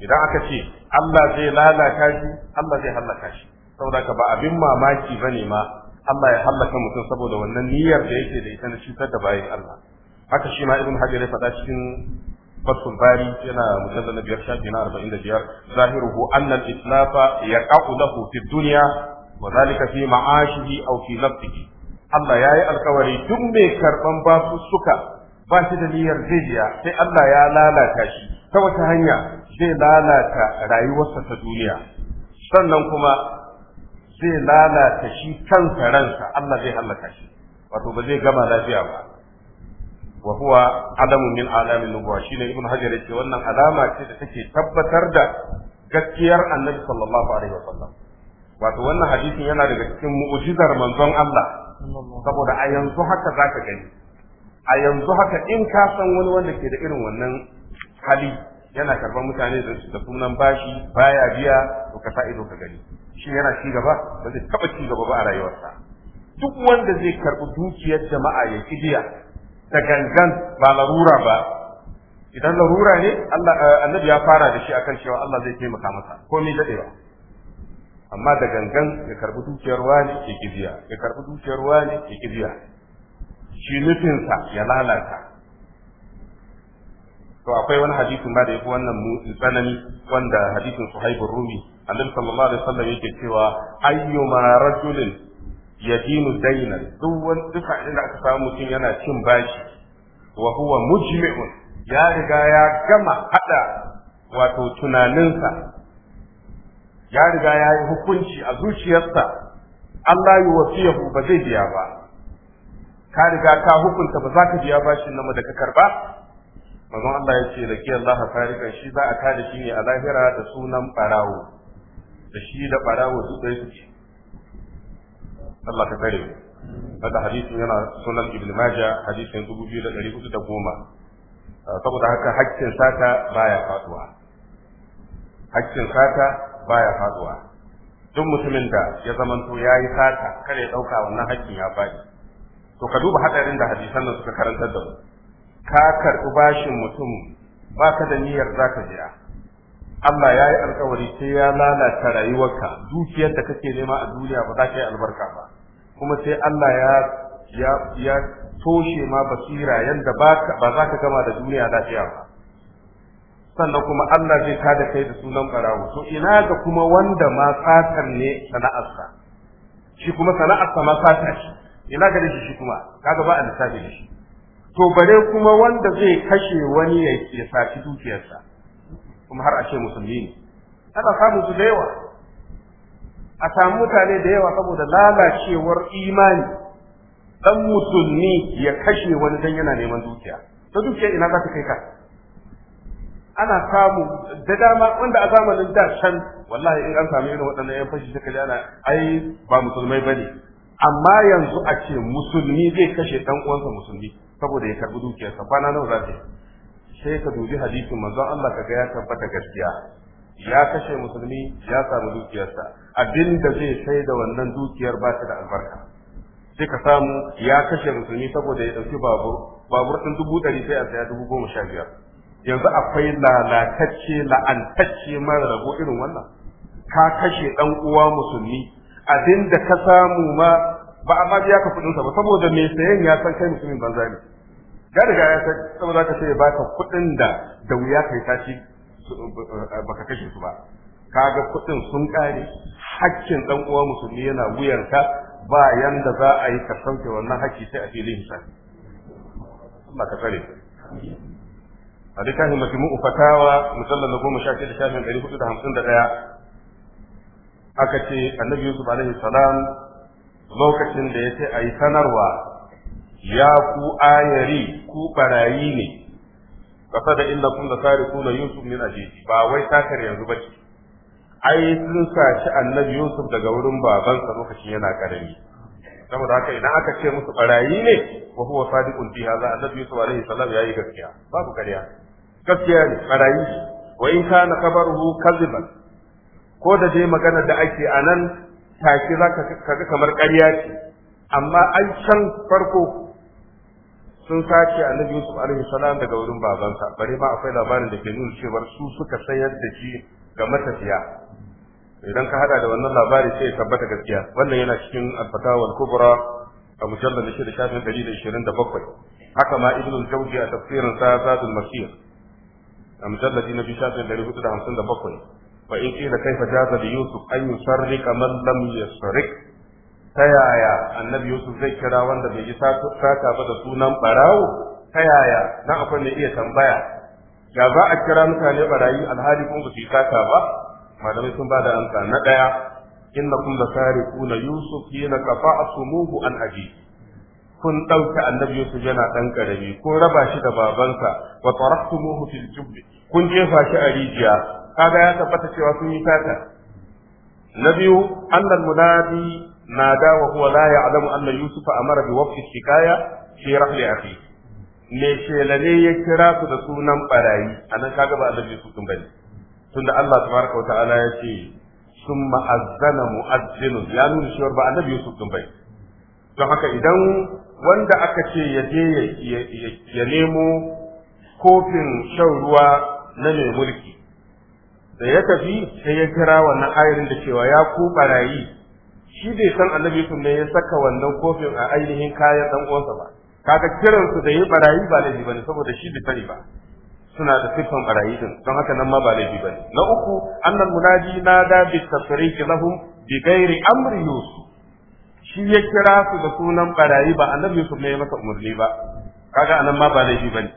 idan aka ce Allah zai lalata shi Allah zai halaka shi saboda ka ba abin mamaki bane ma Allah ya halaka mutum saboda wannan niyyar da yake da ita na cutar da bayan Allah haka shi ma ibn hajar ya faɗa cikin fathul bari yana mujallal na biyar shafi na arba'in da biyar zahiruhu annal islafa ya ƙaƙu lahu fi duniya wa zalika fi ma'ashihi aw fi nafsihi Allah ya yi alkawari duk mai karɓan basussuka ba shi da niyyar zai sai Allah ya lalata shi ta wata hanya zai lalata rayuwarsa ta duniya sannan kuma zai lalata shi kansa ransa Allah zai hallaka shi wato ba zai gama lafiya ba wa huwa adamu min alamin nubuwa shine ibn hajar yake wannan alama ce da take tabbatar da gaskiyar annabi sallallahu alaihi wasallam wato wannan hadisin yana daga cikin mu'jizar manzon Allah saboda a yanzu haka zaka gani a yanzu haka in ka san wani wanda ke da irin wannan hali yana karban mutane da sunan bashi baya biya to ka sa ido ka gani shi yana ci gaba ba zai taba ci gaba ba a rayuwarsa duk wanda zai karbi dukiyar jama'a ya kidiya da gangan ba larura ba idan larura ne Allah eh, annabi ya fara da shi akan cewa Allah zai taimaka masa komai dadewa amma da gangan ya karbi dukiyar wani ke kibiya ya karbi dukiyar wani ke kibiya shi sa ya lalata to akwai wani hadisin ba da yafi wannan tsanani wanda hadisin suhaibur rumi annabi sallallahu alaihi wasallam yake cewa ayyuma rajulin ya dinu dainan duk wani duka inda aka samu mutum yana cin bashi wa huwa mujmi'un ya riga ya gama hada wato tunaninsa ya riga ya yi hukunci a zuciyarsa Allah yi wasiyahu ba zai biya ba ka riga ka hukunta ba za ka biya bashin nan da ka karba mazan Allah ya ce laki Allah tarikan shi za a kada shi ne a lahira da sunan ɓarawo, da shi da barawo su ɗaya su ci. Allah ka kare mu hada hadisin yana sunan ibn majah hadisin 2410 ah, saboda haka haƙƙin sata baya faduwa haƙƙin sata baya faduwa duk mutumin da ya zamanto ya yi sata kare ɗauka wannan haƙƙin ya faɗi to ka duba haɗarin da hadisan nan suka karantar da mu ka karɓi bashin mutum ba ka da niyyar za ka jira Allah ya yi alkawari sai ya lalata rayuwarka dukiyar da kake nema a duniya ba za ka yi albarka ba kuma sai Allah ya ya ya toshe ma basira yanda ba za ka gama da duniya lafiya ba sannan kuma Allah zai kada kai da sunan barawo to ina ga kuma wanda ma satar ne sana'arsa shi kuma sana'arsa ma satar shi ina ga shi shi kuma kaga ba a lissafi da shi to bare kuma wanda zai kashe wani ya saci dukiyarsa kuma har a ce musulmi ne ana samu su da yawa a samu mutane da yawa saboda lalacewar imani dan musulmi ya kashe wani dan yana neman dukiya to dukiya ina za ta kai ka ana samu da dama wanda a zamanin da can wallahi in an samu irin waɗannan yan fashi suka ana ai ba musulmai bane amma yanzu a ce musulmi zai kashe dan uwansa musulmi saboda ya karbi dukiyarsa kwana nawa za ta sai ka dubi hadisi, manzon Allah kaga ya tabbata gaskiya ya kashe musulmi ya samu dukiyarsa Abinda zai sai da wannan dukiyar ba ta da albarka sai ka samu ya kashe musulmi saboda ya ɗauki babur babur ɗin dubu ɗari sai a saya dubu goma sha biyar yanzu akwai lalatacce la'antacce mara rabo irin wannan ka kashe ɗan uwa musulmi abinda ka samu ma ba a ma biya ka kuɗinsa ba saboda mai sayan ya san kai musulmin banza ne ya riga ya san saboda ka sai ya baka kuɗin da da wuya kai tashi ka kashe su ba kaga kuɗin sun ƙare hakkin ɗan uwa musulmi yana wuyanka ba yanda za a yi ka sauke wannan hakki sai a filin sa. Allah ka tsare a littafin majmu'u fatawa musallar na goma sha shida shafin ɗari hudu da hamsin da ɗaya aka ce annabi yusuf alaihi salam lokacin da ya ce a yi sanarwa ya ku ayari ku barayi ne kasa da inda kun da tare kuna yusuf min ajeji ba wai takar yanzu ba ce ai sun saci annabi Yusuf daga wurin babansa lokacin yana karami saboda haka idan aka ce musu barayi ne wa huwa sadiqun fi hadha annabi Yusuf alaihi salam yayi gaskiya babu kariya gaskiya ne barayi wa in kana khabaruhu kadhiban ko da dai magana da ake anan take zaka kaga kamar kariya ce amma an can farko sun sace annabi Yusuf alaihi salam daga wurin babansa bare ba akwai labarin da ke nuna cewa su suka sayar da shi ga matafiya idan ka hada da wannan labari sai ya tabbata gaskiya wannan yana cikin al-fatawa al-kubra a mujallal shi da shafin bakwai. haka ma Ibn al-jawzi a tafsirin sa zadul masir a mujallal da bi shafin bakwai. fa in qila kaifa jaza li yusuf an yusarrika man lam yusarrik ta yaya annabi yusuf zai kira wanda bai yi saka ba da sunan barawo ta yaya na akwai mai iya tambaya ga za a kira mutane barayi alhali kuma ba su yi saka ba malamai sun bada amsa na daya innakum kuna yusuf a sumuhu an aji. kun ɗauki annabi yusuf yana dan karami kun raba shi da babansa wa taraktumuhu fil jubb kun jefa shi a rijiya kaga ya tabbata cewa sun yi tata na biyu annal munadi nada wa huwa la ya'lamu anna yusuf amara bi waqti shikaya fi rahli akhi me shelale ya kira su da sunan barayi anan kaga ba annabi yusuf bane tunda Allah tabaraka wa ta'ala ya ce summa ma'azzana mu'azzinun ya nuna cewa ba annabi Yusuf din bai don haka idan wanda aka ce ya je ya nemo kofin shan ruwa na mai mulki da ya tafi sai ya kira wannan ayarin da cewa ya ku barayi shi bai san annabi Yusuf ne ya saka wannan kofin a ainihin kayan dan uwansa ba kaga kiransu da yi barayi ba laifi bane saboda shi bai sani ba suna da siffan barayi din don haka nan ma ba laifi bane na uku annal munadi da bi tasrih lahum bi ghairi amri yusuf shi ya kira su da sunan barayi ba annabi yusuf ne ya masa umarni ba kaga anan ma ba laifi bane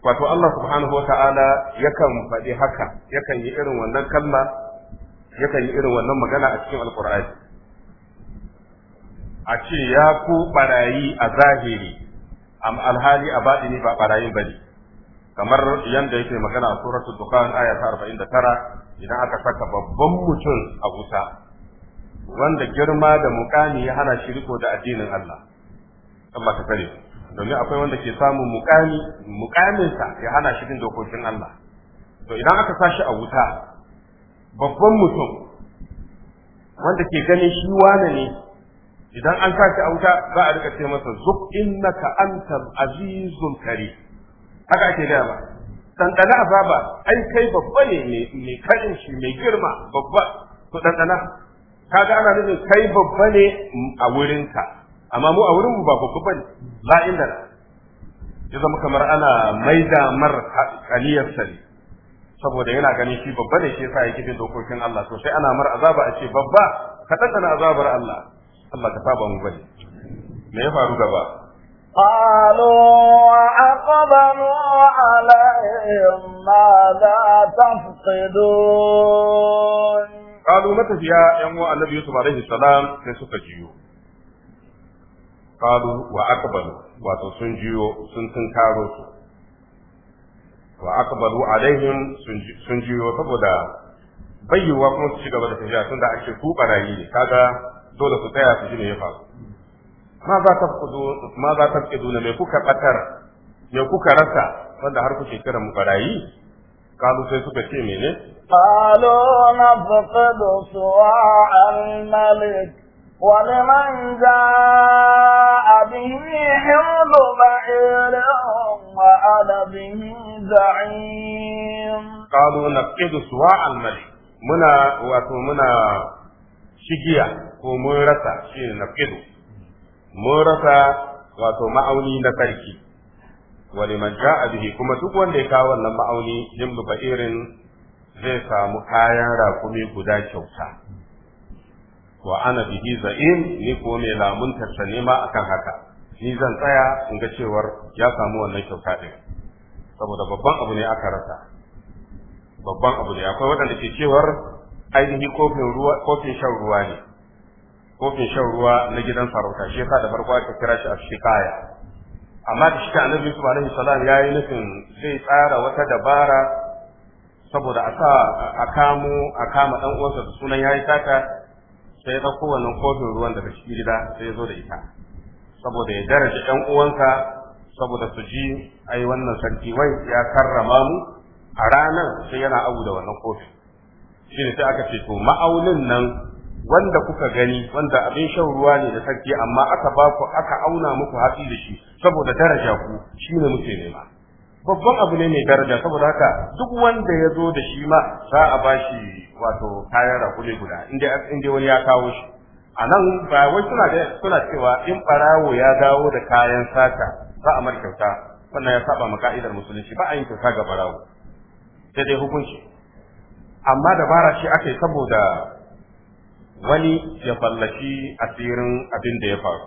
wato Allah subhanahu wa ta'ala yakan faɗi haka yakan yi irin wannan kalma yakan yi irin wannan magana a cikin alqur'ani a ce ya ku barayi a zahiri am alhali a baɗi ne ba ba ne. kamar yanda yake magana a suratul dukan aya ta 49 idan aka saka babban mutum a wuta wanda girma da mukami ya hana shi riko da addinin Allah ba ta kare domin akwai wanda ke samun mukaminsa ya hana shi bin dokokin Allah to idan aka sashi a wuta babban mutum wanda ke ganin shi wane ne idan an sa shi a wuta za a rika ce masa zuk innaka antal azizul karim haka ake da ba dandana azaba ai kai babba ne mai karin shi mai girma babba to dandana kaga ana nufin kai babba ne a wurinka amma mu a wurin mu ba babba bane la inda ya zama kamar ana maida mar kaliyar sani saboda yana ganin shi babba ne shi yasa yake bin dokokin Allah to sai ana mar azaba a ce babba ka dandana azabar Allah Allah ka saba mu bane me ya faru gaba qalu aqbalu alayhim ma da tafqidun qalu mata fiya yan wa annabi yusuf alayhi salam sai suka jiyo qalu wa aqbalu wato sun jiyo sun tunkaro su wa aqbalu alaihim sun jiyo saboda bayyuwa kuma su ci gaba da tafiya tun da ake ku barayi ne kaga dole ku tsaya ku ji me ya faru ma za ta fudu ma za ta fudu me kuka batar ya kuka rasa wanda har kuke kira mu barayi kalu sai suka ce mene qalu nafqadu su'a al-malik ولمن جاء به حمل بعير وأنا به زعيم قالوا نفقد al الملك منا واتو منا shigiya ko mun rasa shi na fido mun rasa wato ma'auni na sarki wani man a bihi kuma duk wanda ya kawo wannan ma'auni ba ba'irin zai samu kayan rakumi guda kyauta wa ana bihi za'in ni ko mai lamuntar tarsa nema akan haka ni zan tsaya in ga cewar ya samu wannan kyauta din saboda babban abu ne aka rasa babban abu ne akwai waɗanda ke cewar ainihi kofin shan ruwa ne kofin shan ruwa na gidan sarauta shi yasa da farko aka kira shi shikaya amma da shi annabi Yusuf alaihi salam yayi nufin zai tsara wata dabara saboda a sa a kamo a kama dan uwansa da sunan yayi taka sai ya dauko wannan kofin ruwan daga cikin gida sai ya zo da ita saboda ya daraja ɗan uwansa saboda su ji ai wannan sarki wai ya karrama mu a ranar sai yana abu da wannan kofin shi sai aka ce to ma'aunin nan wanda kuka gani wanda abin shan ruwa ne da sarki amma aka ba ku aka auna muku hatsi da shi saboda daraja ku shi ne muke nema babban abu ne mai daraja saboda haka duk wanda ya zo da shi ma za a ba shi wato kayan rakule guda inda wani ya kawo shi a nan ba wai suna cewa in barawo ya dawo da kayan sata za a mar kyauta wannan ya saba ma ka'idar musulunci ba a yin kyauta ga barawo sai dai hukunci amma dabara shi aka yi saboda wani ya fallaci asirin abin da ya faru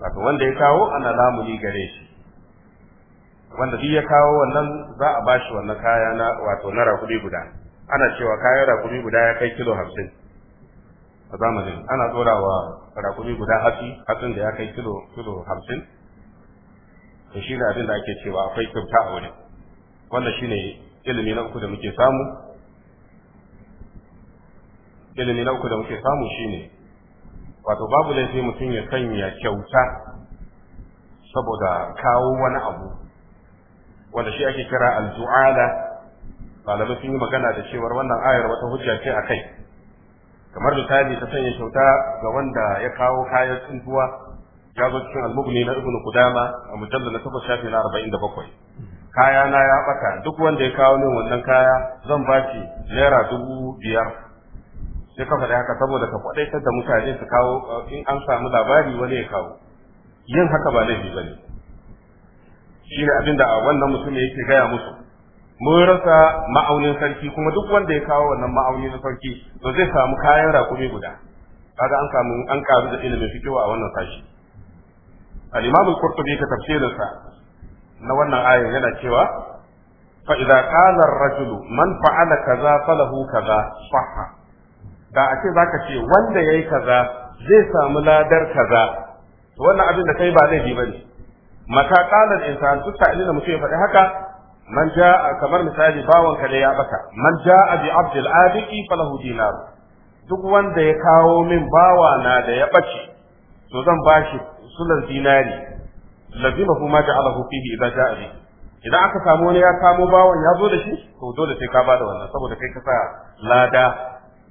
wato wanda ya kawo ana lamuni gare shi wanda duk ya kawo wannan za a bashi wannan kaya na wato na rakumi guda ana cewa kayan rakumi guda ya kai kilo hamsin a zamanin ana tsorawa rakumi guda hatsi hatsin da ya kai kilo kilo hamsin to shi ne abin da ake cewa akwai kyauta a wurin wanda shi ne ilimi na uku da muke samu ilimi na uku da muke samu shine wato babu laifi mutum ya sanya kyauta saboda kawo wani abu wanda shi ake kira aljuala malamai sun yi magana da cewar wannan ayar wata hujja ce a kai kamar misali ta sanya kyauta ga wanda ya kawo kayan tsuntuwa ya zo cikin almugni na ibnu kudama a mujallar na takwas shafi na arba'in da bakwai Kayana ya ɓata. duk wanda ya kawo min wannan kaya zan ba shi naira dubu biyar sai ka faɗi haka saboda ka kwaɗaitar da mutane su kawo in an samu labari wani ya kawo yin haka ba laifi ba ne shi ne abinda a wannan mutum yake gaya musu mun rasa ma'aunin sarki kuma duk wanda ya kawo wannan ma'auni na sarki to zai samu kayan raƙumi guda kaga an samu an karu da ilimin fikiwa a wannan sashi al-imam al-qurtubi ka tafsirinsa na wannan aya yana cewa fa idza qala ar-rajulu man fa'ala kaza falahu kaza sahha da a ce zaka ce wanda yayi kaza zai samu ladar kaza to wannan abin da kai ba bi bane mata qala al-insan duk sa'ilin da mutum ya faɗi haka man ja'a kamar misali bawan ka ne ya baka man ja'a bi abdul abiki falahu dinar duk wanda ya kawo min bawa na da ya bace to zan bashi sular dinari lazimahu ma ja'alahu fihi idan ja'a bi idan aka samu wani ya kamo bawan ya zo da shi to dole sai ka bada wannan saboda kai ka sa lada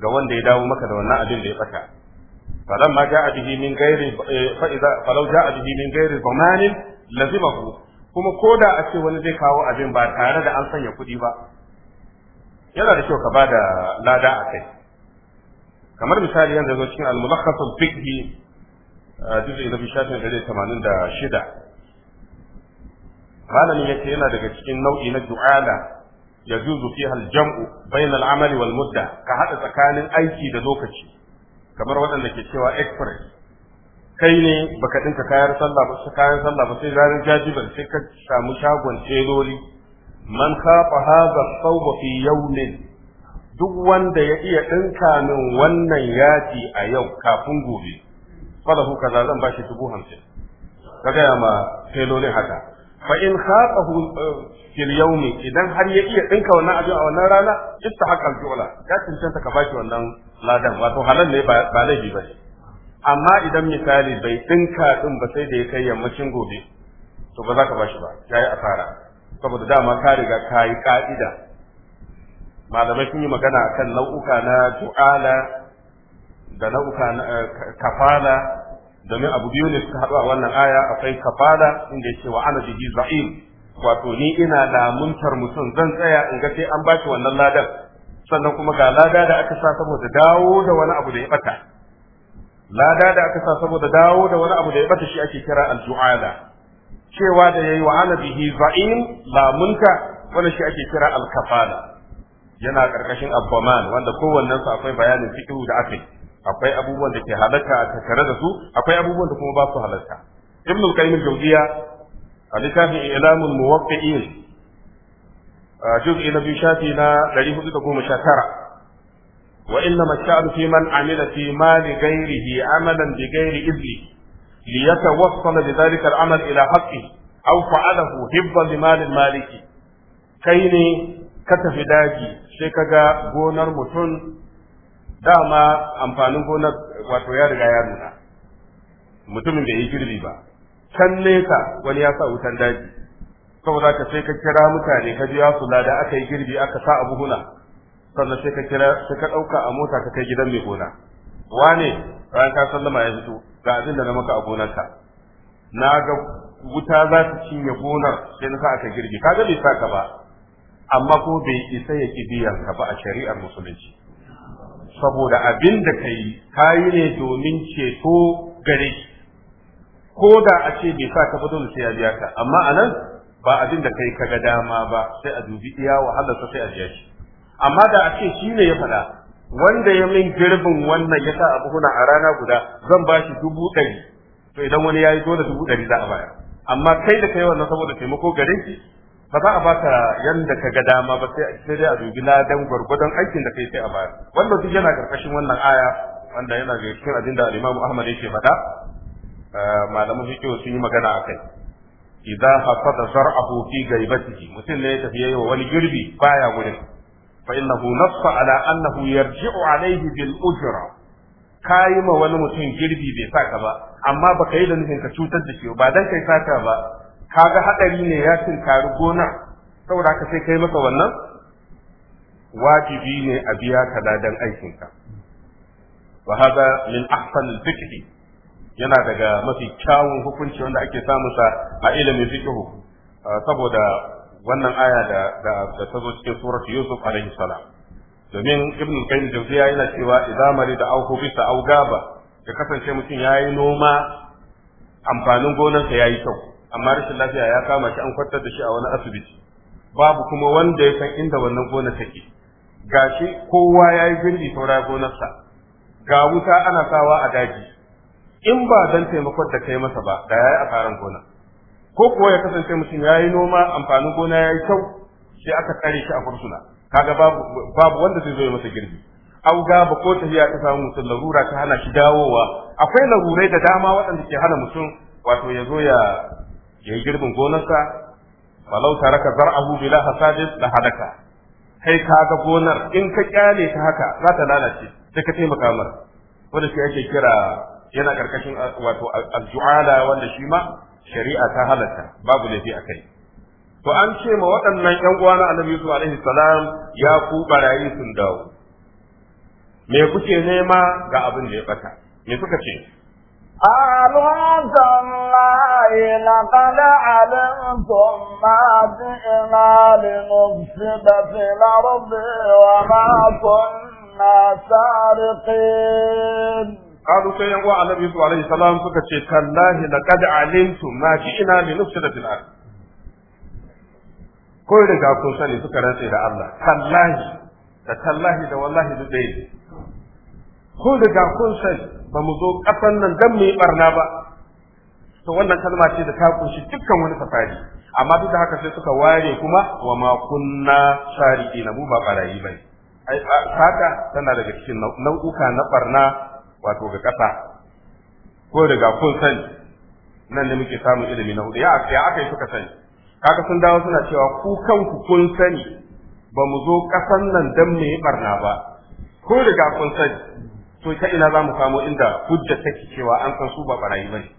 ga wanda ya dawo maka da wannan abin da ya bata falan ma ja'a bihi min ghairi eh, fa idza falau ja'a bihi min ghairi zaman lazimahu kuma koda a ce wani zai kawo abin ba tare da an sanya kuɗi ba yana da kyau ka bada lada a kai kamar misali yanzu zo cikin al-mulakhas al-fiqhi eh, juz'i na bishafin 186 malamin yace yana daga cikin nau'i na du'ala yajuzu fiha al-jam'u bayna al-amali wal mudda ka haɗa tsakanin aiki da lokaci kamar waɗanda ke cewa express kai ne baka dinka kayan sallah ba sai kayan sallah ba sai ranar jajibar sai ka samu shagon teloli man khafa hadha thawb fi yawmin duk wanda ya iya dinka min wannan yaji a yau kafin gobe falahu kaza zan bashi dubu hamsin ka gaya ma telolin haka fa in khaqahu eh, fil yawmi idan har ya iya dinka wannan abin a wannan rana istahaqal ju'la ya cancanta ka baki wannan ladan wato halal ne ba laifi ba amma idan misali bai dinka din ba sai da ya kai yammacin gobe to ba za ka bashi ba yayi asara saboda dama ka riga ka yi ka'ida malamai sun yi magana akan nau'uka na ju'ala da nau'uka na eh, kafala domin abu biyu ne suka haɗu a wannan aya akwai kafala inda yake wa ana bihi za'im wato ni ina lamuntar mutum zan tsaya in ga sai an ba shi wannan ladan sannan kuma ga lada da aka sa saboda dawo da wani abu da ya bata lada da aka sa saboda dawo da wani abu da ya bata shi ake kira al-ju'ala cewa da yayi wa ana bihi za'im lamunta wannan shi ake kira al-kafala yana karkashin abbaman wanda kowannen su akwai bayanin fiqhu da akai akwai abubuwan da ke halarta a tattare da su akwai abubuwan da kuma ba su halarta ibn al-qayyim al-jawziya a littafin ilam al-muwaqqi'in a juz'i na biyu shafi na 419 wa inna mashalu fi man amila fi mali ghairihi amalan bi ghairi izni li yatawaffala bi dhalika al-amal ila haqqi aw fa'alahu hibban li mali al-maliki kai ne ka tafi daji sai ka ga gonar mutum dama amfanin gonar wato ya riga ya nuna mutumin bai yi girbi ba can nesa wani ya sa wutan daji saboda ka sai ka kira mutane ka biya su lada aka yi girbi aka sa abu huna sannan sai ka kira sai ka ɗauka a mota ka kai gidan mai gona wane ran ka sallama ya fito ga abin da na maka a gonarka na ga wuta za ta cinye gonar sai na sa aka girbi ka ga bai sa ka ba amma ko bai isa ya ki biyan ka ba a shari'ar musulunci saboda abin da ka yi ka yi ne domin ceto gare shi ko da a ce bai sa ka fito sai ya biya ka amma a nan ba abin da yi kaga dama ba sai a dubi iya wahalarsa sai a biya shi amma da a ce shi ne ya faɗa wanda ya min girbin wannan ya sa abu buhuna a rana guda zan ba shi dubu ɗari to idan wani ya yi dole dubu ɗari za a baya. amma kai da kai wannan saboda taimako gare shi ba za a baka yanda ka ga dama ba sai sai dai a dubi ladan gwargwadon aikin da kai sai a baya wanda duk yana karkashin wannan aya wanda yana ga cikin abin da al-Imam Ahmad yake faɗa eh, malamin fiqh sun yi magana akai idza hafada zar'ahu fi ghaibatihi mutum ne ya tafi yayin wani girbi baya gurin fa innahu nassa ala annahu yarji'u alayhi bil ujra kayi ma wani mutum girbi bai saka ba amma baka yi da nufin ka cutar da shi ba dan kai saka ba kaga hadari ne ya tinkari gona, saboda ka sai kai masa wannan wajibi ne a biya ka ladan aikinka wa hada min ahsan al yana daga mafi kyawun hukunci wanda ake samun sa a ilimin fikhu ah, saboda wannan aya da da ta zo cikin surat yusuf alaihi salam domin ibn qayyim jawziya yana cewa idza da aw bisa aw gaba ya kasance mutum yayi noma amfanin gonarsa yayi kyau amma rashin lafiya ya kama shi an kwantar da shi a wani asibiti babu kuma wanda ya san inda wannan gona take gashi kowa ya yi girbi saura gonarsa ga wuta ana sawa a daji in ba dan taimakon da kai masa ba da ya yi asaran gona ko kuwa ya kasance mutum ya yi noma amfanin gona ya yi kyau sai aka kare shi a fursuna kaga babu babu wanda zai zo ya masa girbi auga ba ko tafiya ta samu mutum larura ta hana shi dawowa akwai larurai da dama waɗanda ke hana mutum wato ya zo ya ya yi girbin gonarsa falau zar abu bila hasadin da hadaka kai ka ga gonar in ka kyale ta haka za ta lalace sai ka taimaka mar wanda shi ake kira yana karkashin wato al al-ju'ala wanda shi ma shari'a ta halatta babu laifi a kai to an ce ma waɗannan ƴan uwa na annabi yusuf alaihi salam ya ku barayi sun dawo me kuke nema ga abin da ya bata me suka ce قالوا تالله لقد علمتم ما جئنا لنفسد في الأرض وما كنا سارقين قالوا sai yan uwa Annabi Yusuf alaihi suka ce tallahi laqad alimtum ma ji'na li nufsida fil ard ko riga kun sani suka rantse da Allah tallahi da tallahi da wallahi Ko da ga kun sani ba mu zo ƙasan nan dan mu yi barna ba to wannan kalma ce da ta kunshi dukkan wani safari amma duk da haka sai suka ware kuma wa ma kunna na mu ba barayi bane ai sata tana daga cikin nau'uka na barna wato ga ƙasa ko da ga kun sani nan da muke samun ilimi na hudu ya aka yi suka sani kaga sun dawo suna cewa ku kanku kun sani ba mu zo ƙasan nan dan mu yi barna ba ko da ga kun sani to ta ina za mu kamo inda hujja take cewa an san su ba barayi ba ne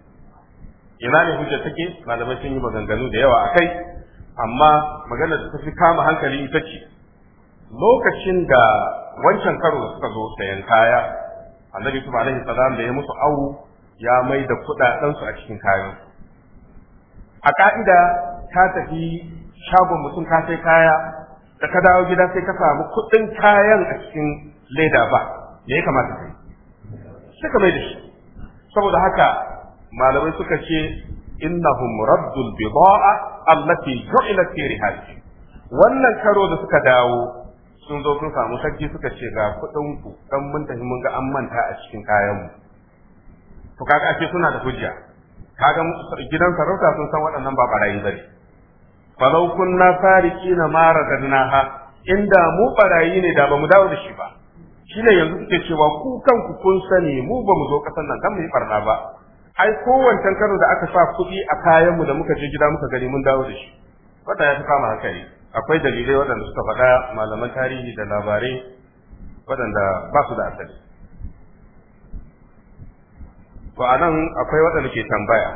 ina ne hujja take malamai sun yi maganganu da yawa akai amma magana da ta fi kama hankali ita ce lokacin da wancan karo da suka zo sayan kaya annabi su alaihi salam da ya musu awu ya mai da kudaden su a cikin kayan a ka'ida ta tafi shagon mutum ka sai kaya da ka dawo gida sai ka samu kuɗin kayan a cikin leda ba me ya kamata ka suka ka mai da shi saboda haka malamai suka ce innahum raddul bida'a allati ju'ilat fi rihalihi wannan karo da suka dawo sun zo sun samu sarki suka ce ga kuɗin ku dan mun tafi mun ga an manta a cikin kayan mu to kaga ake suna da hujja kaga gidan sarauta sun san waɗannan ba barayi bane falau kunna na ma ha inda mu barayi ne da bamu dawo da shi ba shi ne yanzu suke cewa ku kanku kun sani mu ba mu zo ƙasar nan kan mu yi barna ba ai kowancan karo da aka sa kuɗi a kayanmu da muka je gida muka gani mun dawo da shi wata ya fi kama hankali akwai dalilai waɗanda suka faɗa malaman tarihi da labarai waɗanda ba su da asali to a nan akwai waɗanda ke tambaya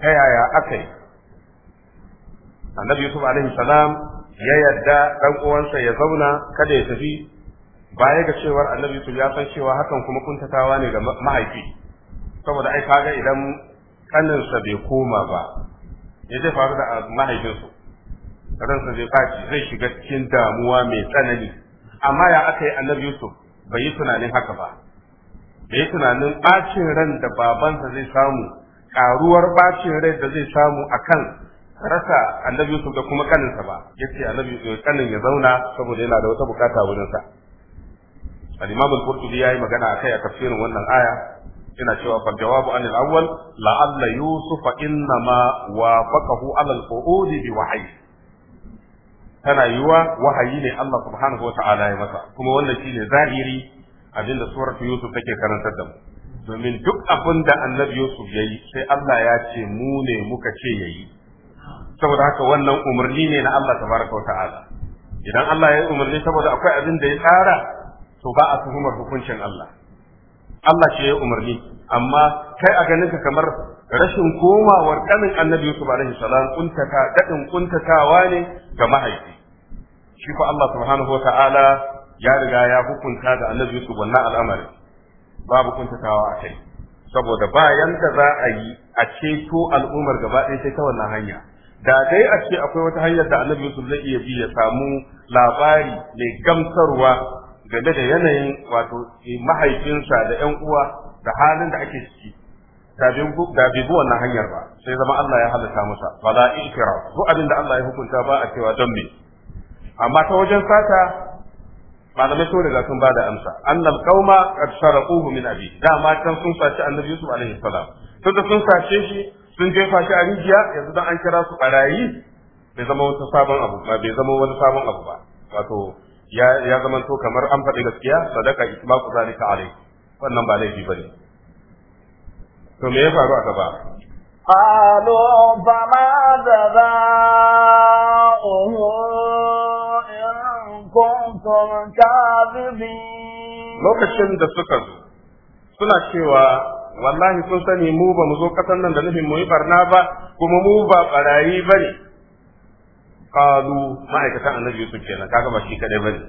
ta yaya aka yi annabi yusuf alaihi salam ya yadda ɗan uwansa ya zauna kada ya tafi baya ga cewar annabi Yusuf ya san cewa hakan kuma kuntatawa ne ga mahaifi saboda ai kaga idan kaninsa bai koma ba ya zai faru da ah, mahaifinsu ransa zai faci zai shiga cikin damuwa mai tsanani amma ya aka yi annabi Yusuf bai yi tunanin haka ba bai yi tunanin bacin ran da babansa zai samu karuwar bacin rai da zai samu akan rasa annabi Yusuf da kuma kaninsa ba yace annabi kanin eh, ya zauna saboda yana da wata bukata wurinsa al-imam ya yi yayi magana akai a tafsirin wannan aya ina cewa fa jawabu anil awwal la'alla yusuf inna ma wafaqahu ala al-qu'ud tana yiwa wahayi ne Allah subhanahu wa ta'ala ya masa kuma wannan shine zahiri abinda suratu yusuf take karantar da mu domin duk abin da annabi yusuf yayi sai Allah ya ce mu ne muka ce yayi saboda haka wannan umarni ne na Allah tabaraka wa ta'ala idan Allah ya yi umarni saboda akwai abin da ya tsara to ba a tuhumar hukuncin Allah Allah ce ya umarni amma kai a ganin ka kamar rashin komawar kanin Annabi Yusuf alaihi salam kuntaka dadin kuntatawa ne ga mahaifi shi ko Allah subhanahu wa ta'ala ya riga ya hukunta da Annabi Yusuf wannan al'amari babu kuntatawa a kai saboda bayan da za a yi a ceto al'ummar gaba ɗaya sai ta wannan hanya da dai a ce akwai wata hanyar da Annabi Yusuf zai iya bi ya samu labari mai gamsarwa game da yanayin wato mahaifinsa da yan uwa da halin da ake ciki da bai bi wannan hanyar ba sai zama Allah ya halatta masa wala ikra duk abin da Allah ya hukunta ba a cewa don me amma ta wajen sata malamai sun da sun bada amsa annal qauma qad sharaquhu min abi ma can sun saci annabi Yusuf alaihi salam tunda sun sace shi sun jefa shi a rijiya yanzu dan an kira su barayi bai zama wani sabon abu ba bai zama wani sabon abu ba wato ya zamanto kamar an faɗi gaskiya sadaka ismaku zalika alai wannan ba laifi bane to me ya faru a gaba قالوا فما جزاؤه إن كنتم Lokacin da suka zo suna cewa wallahi sun sani mu ba mu zo kasan nan da nufin mu yi barna ba kuma mu ba barayi bane qalu ma'aikatan annabi yusuf kenan kaga ba shi kadai bane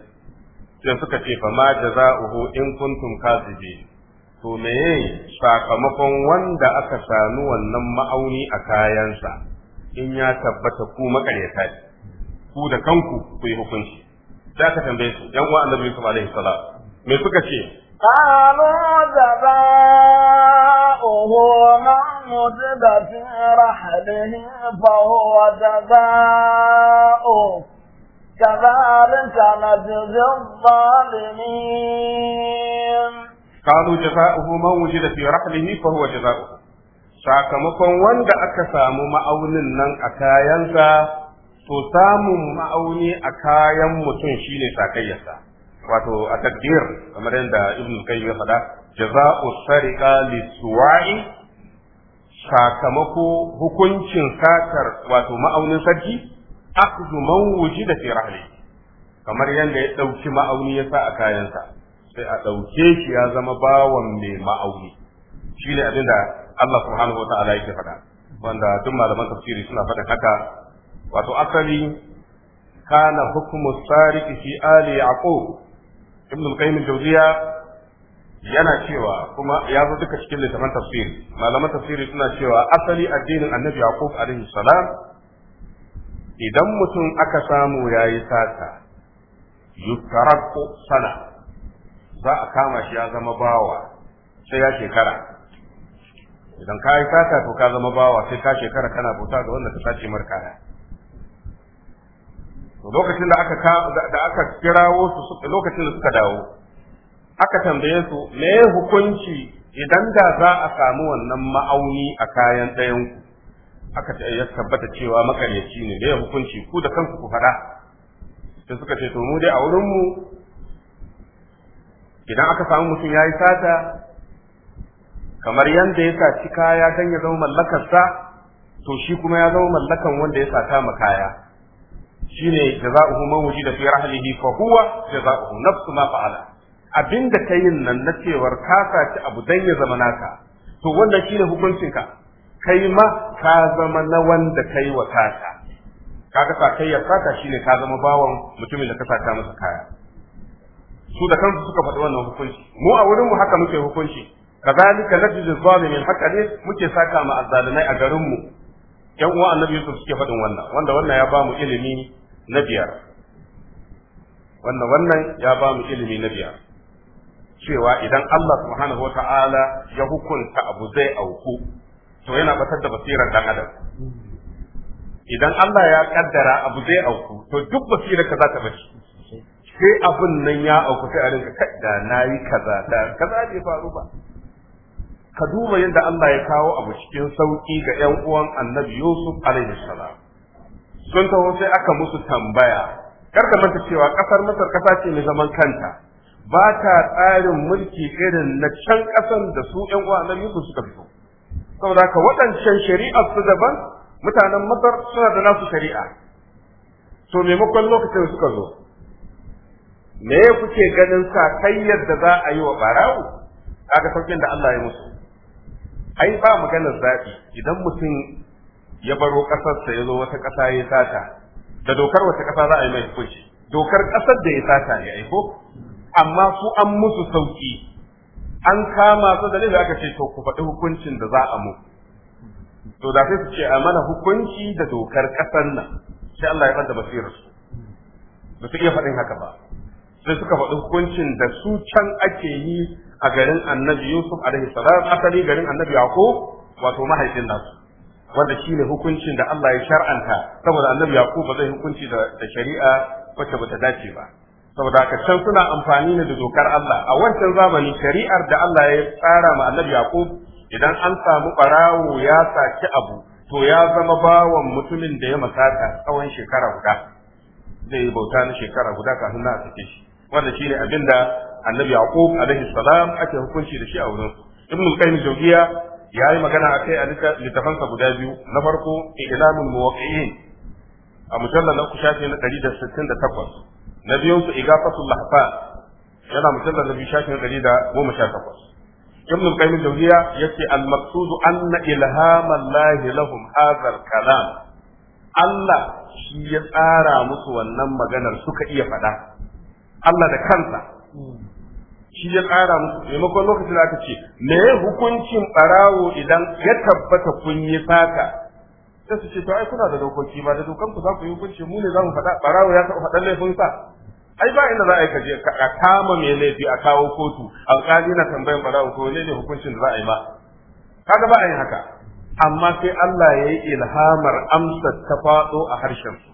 sai suka ce fa ma jaza'uhu in kuntum kadibi to meye sakamakon wanda aka sami wannan ma'auni a kayansa in ya tabbata ku makaryata ne ku da kanku ku yi hukunci da ka tambaye su yan uwa annabi yusuf alaihi salam me suka ce قالوا جزاؤه من وجد في رحله فهو جزاؤه كذلك نجزي الظالمين قالوا جزاؤه من وجد في رحله فهو جزاؤه sakamakon wanda aka samu ma'aunin nan a kayansa to samun ma'auni a kayan mutum shine sakayyarsa wato a takdir kamar yadda ibn qayyim ya faɗa jaza'u sariqa lisuwa'i sakamako hukuncin satar wato ma'aunin sarki akhdhu man wujida fi rahli kamar yadda ya dauki ma'auni ya sa a kayansa sai a dauke shi ya zama bawan mai ma'auni shine abinda Allah subhanahu wata'ala yake faɗa wanda duk malaman tafsiri suna faɗin haka wato asali kana hukmu sariqi fi ali yaqub ibn al-qayyim al yana cewa kuma ya zo duka cikin littafin tafsiri malaman tafsiri suna cewa asali addinin annabi yaqub alaihi salam idan mutum aka samu yayi sata yutaraqu sana za a kama shi ya zama bawa sai ya shekara idan ka sata to ka zama bawa sai ka shekara kana bauta ga wanda ka sace markaya lokacin da aka da aka kirawo su lokacin da suka dawo aka tambaye su me hukunci idan da za a samu wannan ma'auni a kayan ɗayan ku aka eh, ya tabbata cewa makaryaci ne da hukunci ku da kanku ku faɗa sai suka ce to mu dai a wurin mu idan aka samu mutum yayi sata kamar yanda ya saci kaya dan ya zama mallakarsa to shi kuma ya zama mallakan wanda ya sata ma kaya shine jaza'uhu man wujida fi rahlihi fa huwa jaza'uhu nafsu ma fa'ala abinda kayin nan na cewar ka saki abu dan ya zama naka to wannan shine ka kai ma ka zama na wanda kai wa kata kaga ka kai ya saka shine ka zama bawan mutumin da ka saka masa kaya su da kansu suka faɗi wannan hukunci mu a wurin mu haka muke hukunci kazalika najzi zalimin haka ne muke saka ma azzalimai a garin mu yan uwa annabi Yusuf suke faɗin wannan wanda wannan ya bamu ilimi na biyar wannan wannan ya ba mu ilimi na biyar cewa idan Allah subhanahu wa ta'ala ya hukunta abu zai auku to yana batar da basirar dan adam idan Allah ya kaddara abu zai auku to duk basirar ka za ta bace sai abun nan ya auku sai a rinka da nayi kaza ta kaza bai faru ba ka duba yadda Allah ya kawo abu cikin sauki ga ƴan uwan Annabi Yusuf alaihi salam sun taho sai aka musu tambaya karka manta cewa kasar masar kasa ce mai zaman kanta ba ta tsarin mulki irin na can kasan da su ƴan uwa na Yusuf suka fito saboda ka waɗancan shari'ar su daban mutanen masar suna da nasu shari'a to maimakon lokacin suka zo me kuke ganin sa kai yadda za a yi wa barawo kaga saukin da Allah ya musu ai ba maganar zaɓi idan mutum ya baro ƙasarsa ya zo wata ƙasa ya sata da dokar wata ƙasa za a yi mai hukunci dokar ƙasar da ya sata ne aiko amma su an musu sauki an kama su da ne aka ce to ku faɗi hukuncin da za a mu to da sai su ce a mana hukunci da dokar ƙasar nan sai Allah ya fada basirarsu ba su iya faɗin haka ba sai suka faɗi hukuncin da su can ake yi a garin annabi Yusuf alaihi salam asali garin annabi Yaqub wato mahaifin nasu wanda shine hukuncin da Allah ya shar'anta saboda annabi yaqub ba zai hukunci da shari'a wacce bata dace ba saboda haka can suna amfani ne da dokar Allah a wancan zamani shari'ar da Allah ya tsara ma annabi yaqub idan an samu barawo ya saci abu to ya zama bawan mutumin da ya masaka tsawon shekara guda zai yi bauta na shekara guda kafin na sake shi wanda shine abin annabi yaqub alaihi salam ake hukunci da shi a wurin ibn qayyim jawziya ya yi magana a kai a littafansa guda biyu na farko ilamul muwaqqi'in a mujallar na uku shafi na ɗari da sittin da takwas na biyun su igafatul lahfa yana mujallar na biyu shafi na ɗari da goma sha takwas ibn al-qayyim al-jawziya yace al-maqsudu anna ilhama Allah lahum hadha al-kalam Allah shi ya tsara musu wannan maganar suka iya faɗa Allah da kansa hmm. shi ya ƙara musu maimakon lokacin da aka ce me hukuncin ɓarawo idan ya tabbata kun yi saka sai su ce to ai kuna da dokoki ba da dokan ku za ku yi hukunci mu ne za mu faɗa ɓarawo ya taɓa faɗan laifin sa ai ba inda za a yi kaje a kama mai laifi a kawo kotu alƙali na tambayan ɓarawo ko ne ne hukuncin da za a yi ma kaga ba a yi haka amma sai Allah ya yi ilhamar amsar ta faɗo a harshen su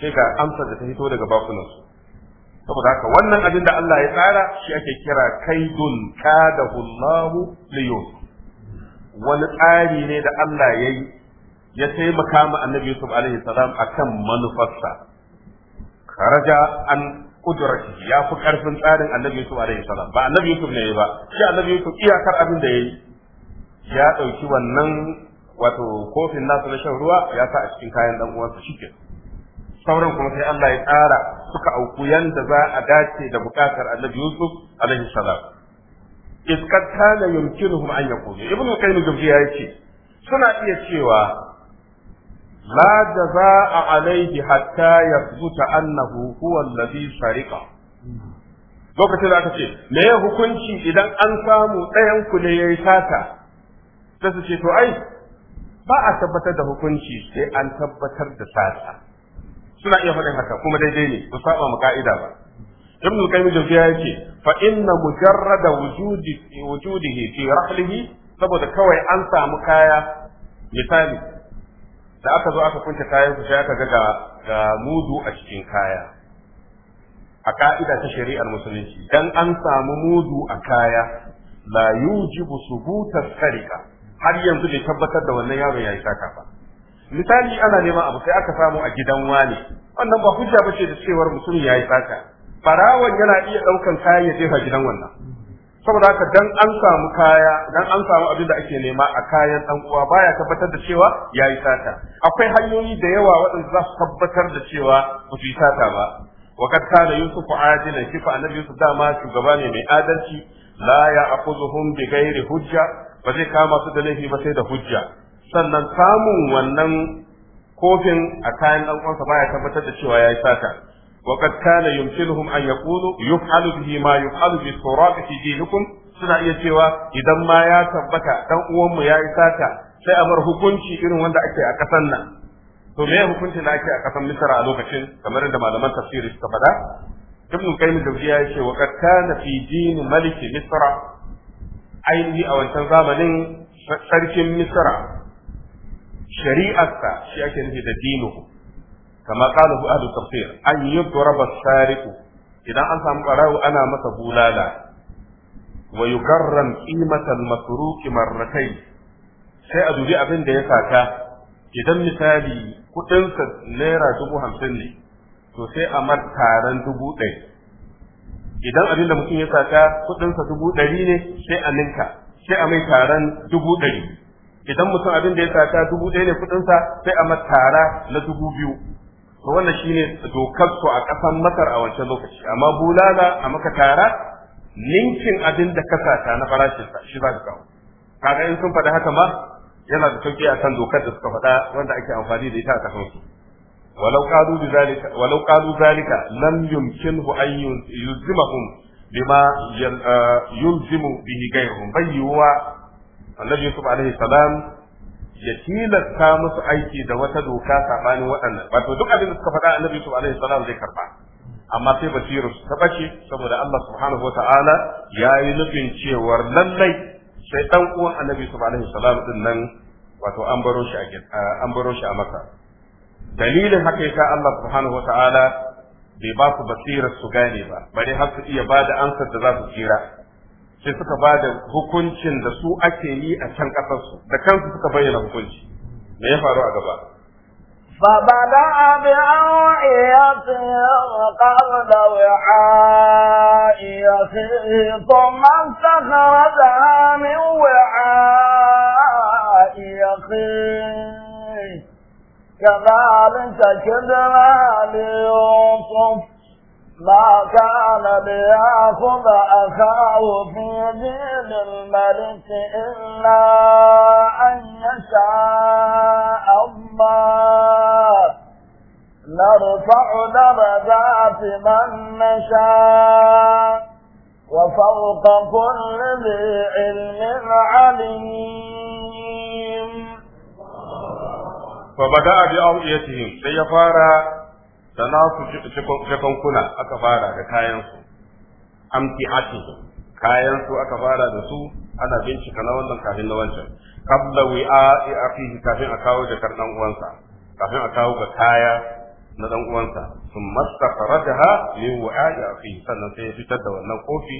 sai ga amsar da ta fito daga bakunansu saboda haka wannan abin da Allah ya tsara shi ake kira kaidun kadahu Allah li wani tsari ne da Allah ya yi ya taimaka ma annabi Yusuf alaihi salam akan manufarsa karaja an kudurati ya fi karfin tsarin annabi Yusuf alaihi salam ba annabi Yusuf ne ba shi annabi Yusuf iyakar abin da ya yi ya ɗauki wannan wato kofin nasu na shan ruwa ya sa a cikin kayan ɗan uwansa shike sauran kuma sai Allah ya tsara suka auku yanda za a dace da bukatar annabi Yusuf alaihi salam iz kad kana yumkinuhum an yaqulu ibnu qayyim ya ce suna iya cewa la jazaa alaihi hatta yathbuta annahu huwa alladhi sariqa lokacin da aka ce me ya hukunci idan an samu ɗayan ku ne yayi sata sai su ce to ai ba a tabbatar da hukunci sai an tabbatar da sata suna iya faɗin haka kuma daidai ne ba saba mu ka'ida ba ibn al-qayyim jawziya yake fa inna mujarrada wujudi wujudihi fi rahlihi saboda kawai an samu kaya misali da aka zo aka kunce kayan su sai aka ga ga mudu a cikin kaya a ka'ida ta shari'ar musulunci dan an samu mudu a kaya la yujibu subuta sarika har yanzu bai tabbatar da wannan yaron yayi saka ba misali ana neman abu sai aka samu a gidan wane wannan ba hujja bace da cewar mutum ya yi sata barawon yana iya ɗaukan kaya ya jefa gidan wannan saboda haka dan an samu kaya dan an samu abin da ake nema a kayan dan uwa baya tabbatar da cewa ya yi sata akwai hanyoyi da yawa waɗanda za su tabbatar da cewa ku yi sata ba وقد كان يوسف عادلا كيف annabi Yusuf dama shugaba ne mai adalci la ya akuzuhum bi hujja ba zai kama su da laifi ba sai da hujja sannan samun wannan kofin a kayan dan uwansa baya tabbatar da cewa yayi sata وقد كان يمكنهم أن يقولوا يفعل به ما يفعل بالتراب في دينكم suna iya cewa idan ma ya tabbata dan uwanmu ya yi sata sai a bar hukunci irin wanda ake a kasan nan to me hukuncin da ake a kasan misra a lokacin kamar yadda malaman tafsiri suka faɗa ibn qayyim jawziya ya ce wa qad kana fi din malik misra ainihi a wancan zamanin sarkin misra shari'arsa shi ake nufi da dinuhu kama kala hu ahlu tafsir an yudraba sariqu idan an samu barawo ana masa bulala wa yukarram al-masruq marratayn sai a dubi abin da ya sata idan misali sa naira dubu hamsin ne to sai a martaran taron dubu ɗaya. idan abin da mutum ya sata kudinsa dubu ɗari ne sai a ninka sai a mai taron dubu ɗari idan mutum abin da ya sata dubu ɗaya ne kuɗinsa sai a matara na dubu biyu to wannan shine dokar su a ƙasar masar a wancan lokaci amma bulala a maka tara ninkin abin da ka sata na farashinsa shi za ka kawo kaga in sun faɗi haka ma yana da sauƙi a akan dokar da suka faɗa wanda ake amfani da ita a kasan su ولو قالوا بذلك ولو قالوا ذلك لم يمكنه ان يلزمهم بما يلزم به غيرهم بل annabi yusuf alaihi salam ya tilasta musu aiki da wata doka sabanin waɗannan wato duk abin da suka faɗa annabi yusuf alaihi salam zai karɓa. amma sai basiru ta bace saboda Allah subhanahu wa ta'ala ya yi nufin cewar lallai sai ɗan uwan annabi yusuf alaihi salam ɗin nan wato an baro shi a an baro shi a maka dalilin haka yasa Allah subhanahu wa ta'ala bai ba su basirar su gane ba bare har su iya ba da amsar da za su tsira sai suka ba da hukuncin da su ake yi a can ƙasarsu da kansu suka bayyana hukunci me ya faru a gaba فبدأ بأوعيتهم قبل وعاء يسيه ثم استخرجها من وعاء يقيه كذلك كدنا ليوسف ما كان ليأخذ أخاه في دين الملك إلا أن يشاء الله نرفع درجات من نشاء وفوق كل ذي علم عليم فبدأ بأوئيتهم سيفارا da na ku jakankuna aka fara da kayansu amti atihi kayansu aka fara da su ana bincika na wannan kafin na wancan kabla wi'a'i akihi kafin a kawo da dan uwansa kafin a kawo ga kaya na dan uwansa sun mastafarajaha min wi'a'i akihi sannan sai ya fitar da wannan kofi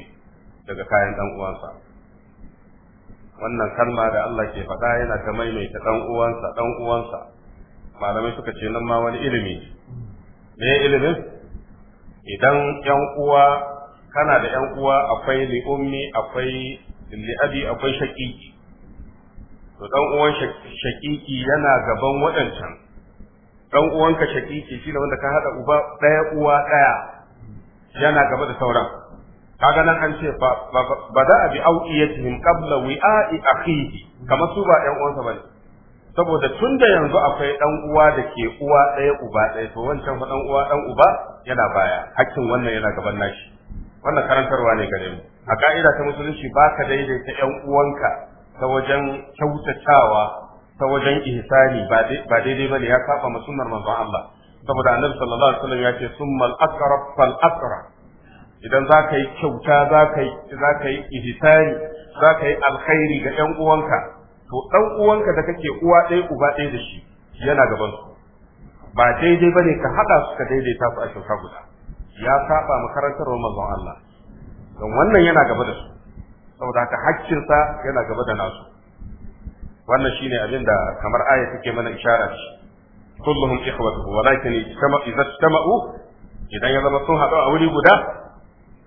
daga kayan dan uwansa wannan kalma da Allah ke faɗa yana ta maimaita ɗan uwansa dan uwansa malamai suka ce nan ma wani ilimi me ilimin idan yan uwa kana da yan uwa akwai li ummi akwai li abi akwai shakiki to dan uwan shakiki yana gaban waɗancan dan uwanka shi shine wanda ka hada uba daya uwa daya yana gaba da sauran kaga nan an ce ba da bi auqiyatihim qabla wi'a'i akhihi kamar su ba yan uwansa bane saboda tun da yanzu akwai dan uwa da ke uwa ɗaya uba ɗaya to wancan fa dan uwa dan uba yana baya hakkin wannan yana gaban nashi wannan karantarwa ne gare mu a ka'ida ta musulunci ba ka daidaita yan uwanka ta wajen kyautatawa ta wajen ihsani ba daidai ba ne ya saba ma sunnar manzon Allah saboda annabi sallallahu alaihi wasallam ya ce summal aqrab fal aqrab idan za ka yi kyauta za ka yi ihsani za ka yi alkhairi ga yan uwanka to dan uwanka da kake uwa ɗaya uba ɗaya da shi yana gaban su ba daidai bane ka hada su ka daidaita su a kyauta guda ya saba makarantar manzon Allah don wannan yana gaba da su saboda haka sa yana gaba da nasu wannan shine abin da kamar aya take mana isharar shi kulluhum ikhwatu walakin idza tamau idan ya zama sun haɗu a wuri guda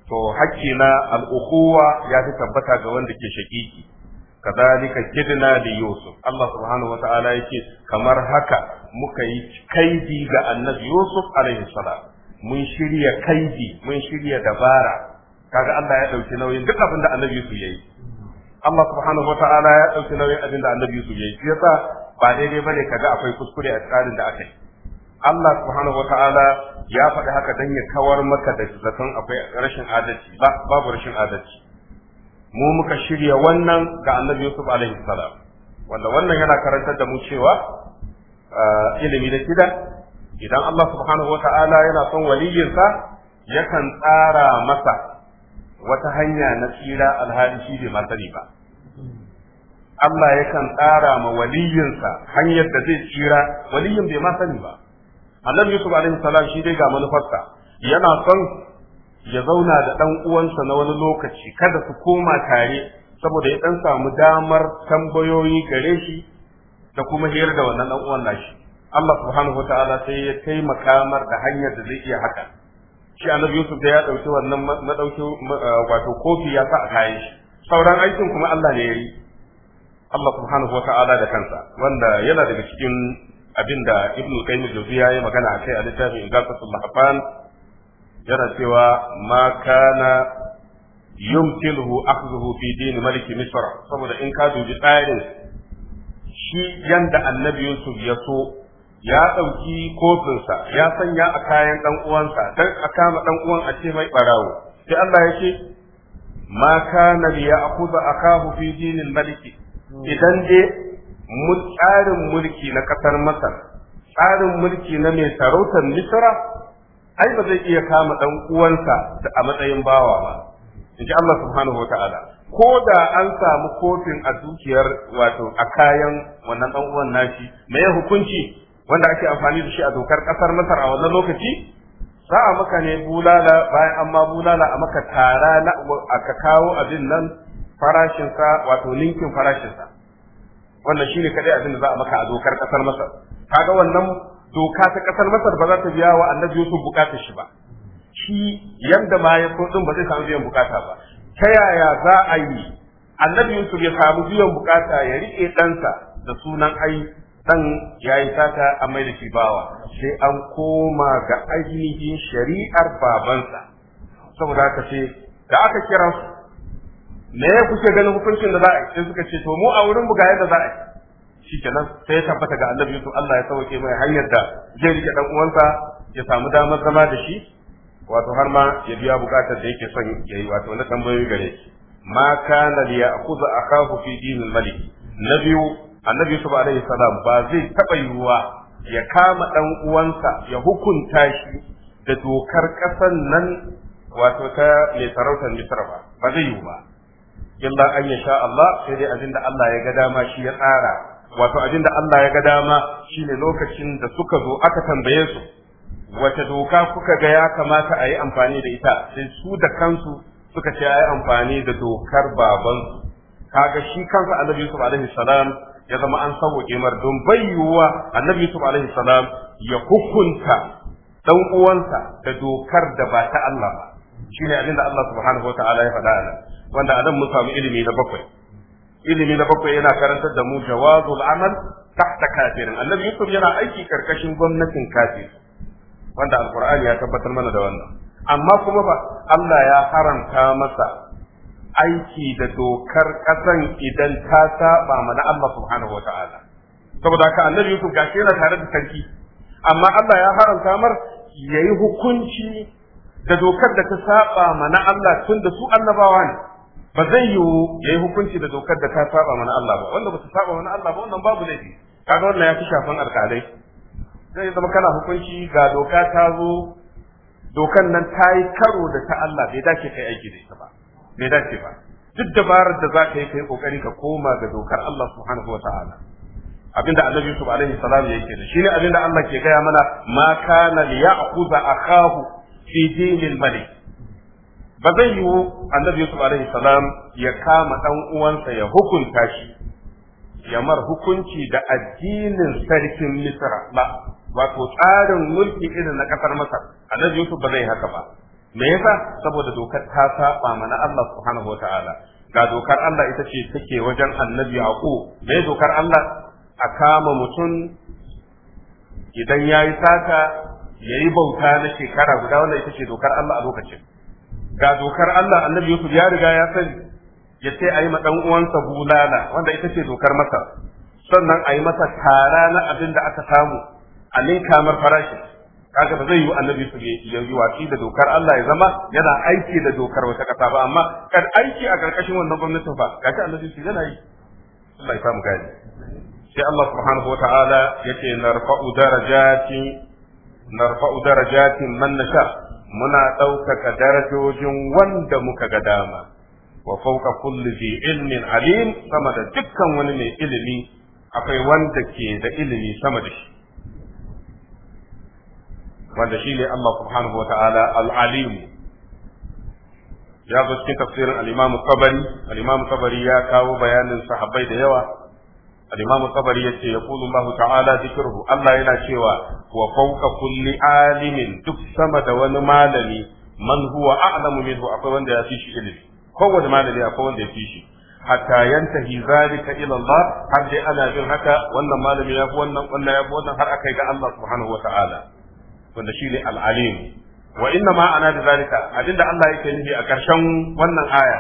to haƙƙi na al-ukhuwa ya fi tabbata ga wanda ke shaƙiƙi كذلك كدنا ليوسف yusuf Allah وتعالى wataala كمر kamar haka muka yi kaidi ga annabi yusuf alaihi salam mun shirya kaidi mun shirya dabara kaga Allah ya dauki nauyin duk abin da Allah subhanahu ta'ala ya dauki nauyin abin da annabi yusuf yayi shi yasa ba daidai bane kaga akwai kuskure a tsarin da aka yi Allah subhanahu ta'ala ya faɗi haka dan ya kawar maka da zaton akwai rashin adalci ba babu rashin adalci mu muka shirya wannan ga annabi yusuf alaihi salam wanda wannan yana karantar da mu cewa eh, ilimi da kida idan Allah subhanahu wata'ala yana son waliyinsa yakan tsara masa wata hanya na tsira alhali shi bai masani ba Allah yakan tsara ma waliyinsa hanyar da zai tsira waliyin bai masani ba annabi yusuf alaihi salam shi dai ga manufarsa yana son ya zauna da ɗan uwansa na wani lokaci kada su koma tare saboda ya ɗan samu damar tambayoyi gare shi da kuma hira da wannan ɗan uwan nashi Allah subhanahu wataala sai ya taimaka mar da hanyar da zai iya haka shi annabi Yusuf da ya ɗauki wannan na eh, wato kofi ya sa a kayan shi sauran aikin kuma Allah ne ya yi Allah subhanahu wataala da kansa wanda yana daga cikin abinda Ibn Qayyim Jawziya ya magana akai a littafin Igasatul Mahfan yana cewa ma kana yumkinuhu akhdhuhu fi din malik misr saboda in ka dubi tsarin shi yanda annabi yusuf ya so ya ɗauki kofinsa ya sanya a kayan ɗan'uwansa, uwansa dan a kama dan uwan a ce mai ɓarawo sai Allah ya ce ma kana bi ya akuza akahu fi din maliki idan dai mutsarin tsarin mulki na ƙasar Masar tsarin mulki na mai sarautar Misra ai ba zai iya kama dan uwansa da a matsayin bawa ba in Allah subhanahu wataala ko da an samu kofin a dukiyar wato a kayan wannan dan uwan nashi me hukunci wanda ake amfani da shi a dokar kasar Masar a wannan lokaci za a maka ne bulala bayan amma bulala a maka tara na aka kawo abin nan farashinsa wato linkin farashinsa wannan shine kadai abin da za a maka a dokar kasar Masar kaga wannan doka ta kasar masar ba za ta biya wa annabi yusuf bukatar shi ba shi yanda ma ya so din ba zai samu biyan bukata ba ta yaya za a yi annabi yusuf ya samu biyan bukata ya rike ɗansa da sunan ai dan yayi yi sata a mai da bawa sai an koma ga ainihin shari'ar babansa saboda haka ce da aka kira su me kuke ganin hukuncin da za a yi sai suka ce to mu a wurin buga ga yadda za a yi nan sai ya tabbata ga annabi Yusuf Allah ya sauke mai hanyar da zai rike dan uwansa ya samu damar zama da shi wato har ma ya biya bukatar da yake son ya yi wato na tambayoyi gare shi ma kana li ya'khudha akahu fi dinil malik nabi annabi Yusuf alaihi salam ba zai taba yiwuwa ya kama dan uwansa ya hukunta shi da dokar kasan nan wato ta mai sarautar Misra ba ba zai yiwu ba illa an yasha Allah sai dai abinda Allah ya ga dama shi ya tsara wato abin da Allah ya ga dama shine lokacin da suka zo aka tambaye su wace doka kuka ga ya kamata a yi amfani da ita sai su da kansu suka ce a yi amfani da dokar babansu kaga shi kansa annabi Yusuf alaihi salam ya zama an sauke mar don bayyuwa annabi Yusuf alaihi salam ya hukunta dan uwansa da dokar da ba ta Allah ba shine abin da Allah subhanahu wataala ya faɗa wanda a nan mun samu ilimi na bakwai ilimi na bakwai yana karantar da mu jawazul amal tahta kafirin annabi yusuf yana aiki karkashin gwamnatin kafir wanda alqur'ani ya tabbatar mana da wannan amma kuma ba Allah ya haramta masa aiki da dokar kasan idan ta saba mana Allah subhanahu wataala saboda haka annabi yusuf gashi yana tare da sarki amma Allah ya haramta mar yayi hukunci da dokar da ta saba mana Allah tun da su annabawa ne ba zai yiwu yayi hukunci da dokar da ta saba mana Allah ba wanda ba ta saba mana Allah ba wannan babu laifi kaga wannan ya fi shafan alƙalai zai zama kana hukunci ga doka ta zo dokan nan ta yi karo da ta Allah bai dace kai aiki da ita ba bai dace ba duk dabarar da za ka yi kai kokari ka koma ga dokar Allah subhanahu wataala abinda annabi Yusuf alaihi salam yake da shine abinda Allah ke gaya mana ma kana liya'khudha akahu fi dinil malik ba zai yiwu annabi yusuf alaihi salam ya kama dan uwansa ya hukunta shi ya mar hukunci da addinin sarkin misra ba wato tsarin mulki irin na kasar masar annabi yusuf ba zai haka ba me yasa saboda dokar ta saba mana Allah subhanahu wataala ga dokar Allah ita ce take wajen annabi Yaqo me dokar Allah a kama mutum idan yayi saka yayi bauta na shekara guda wannan ita ce dokar Allah a lokacin ga dokar Allah annabi Yusuf ya riga ya sani ya ce a yi ma ɗan uwansa bulala wanda ita ce dokar masa sannan a yi masa tara na abin da aka samu a kamar farashi kaga ba zai yi annabi Yusuf ya yi watsi da dokar Allah ya zama yana aiki da dokar wata kasa ba amma kan aiki a karkashin wannan gwamnatin ba kaga annabi Yusuf yana yi Allah ya samu gani sai Allah subhanahu wa ta'ala yace narfa'u darajatin narfa'u darajatin man nasha muna ɗaukaka darajojin wanda muka ga dama wa fauka kulli fi ilmin alim sama da dukkan wani mai ilimi akwai wanda ke da ilimi sama da shi wanda shi ne Allah subhanahu wa ta'ala al-alim ya zo cikin tafsirin al-imam tabari al-imam tabari ya kawo bayanin sahabbai da yawa al-imam qabari yace yaqulu Allah ta'ala dhikruhu Allah yana cewa wa fawqa kulli alimin duk sama da wani malami man huwa a'lamu minhu akwai wanda ya fi shi ilimi kowane malami akwai wanda ya fi shi hatta yantahi zalika ila Allah har dai ana bin haka wannan malami ya fi wannan wannan ya fi wannan har akai ga Allah subhanahu wa ta'ala wanda shine wa ana da abinda Allah yake nufi a ƙarshen wannan aya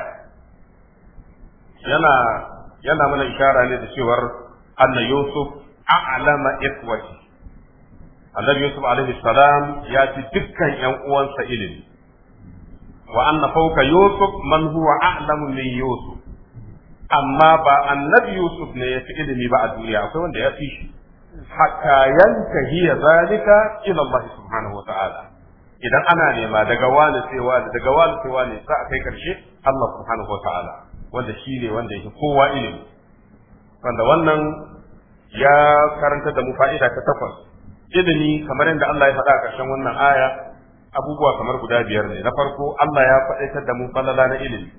yana yana mana ishara ne da cewar anna yusuf a'lama ikhwati annabi yusuf alaihi salam ya ci dukkan yan uwansa ilimi wa anna fawka yusuf manhuwa huwa a'lamu min yusuf amma ba annabi yusuf ne ya fi ilimi ba a duniya akwai wanda ya fi shi hatta yantahi zalika ila Allah subhanahu wa ta'ala idan ana nema daga wani sai wani daga wani sai wani za a kai karshe Allah subhanahu wa ta'ala wanda shi ne wanda yake kowa ilimi wanda wannan ya karanta da mu fa'ida ta takwas ilimi kamar yadda Allah ya faɗa a ƙarshen wannan aya abubuwa kamar guda biyar ne na farko Allah ya faɗaitar da mu falala na ilimi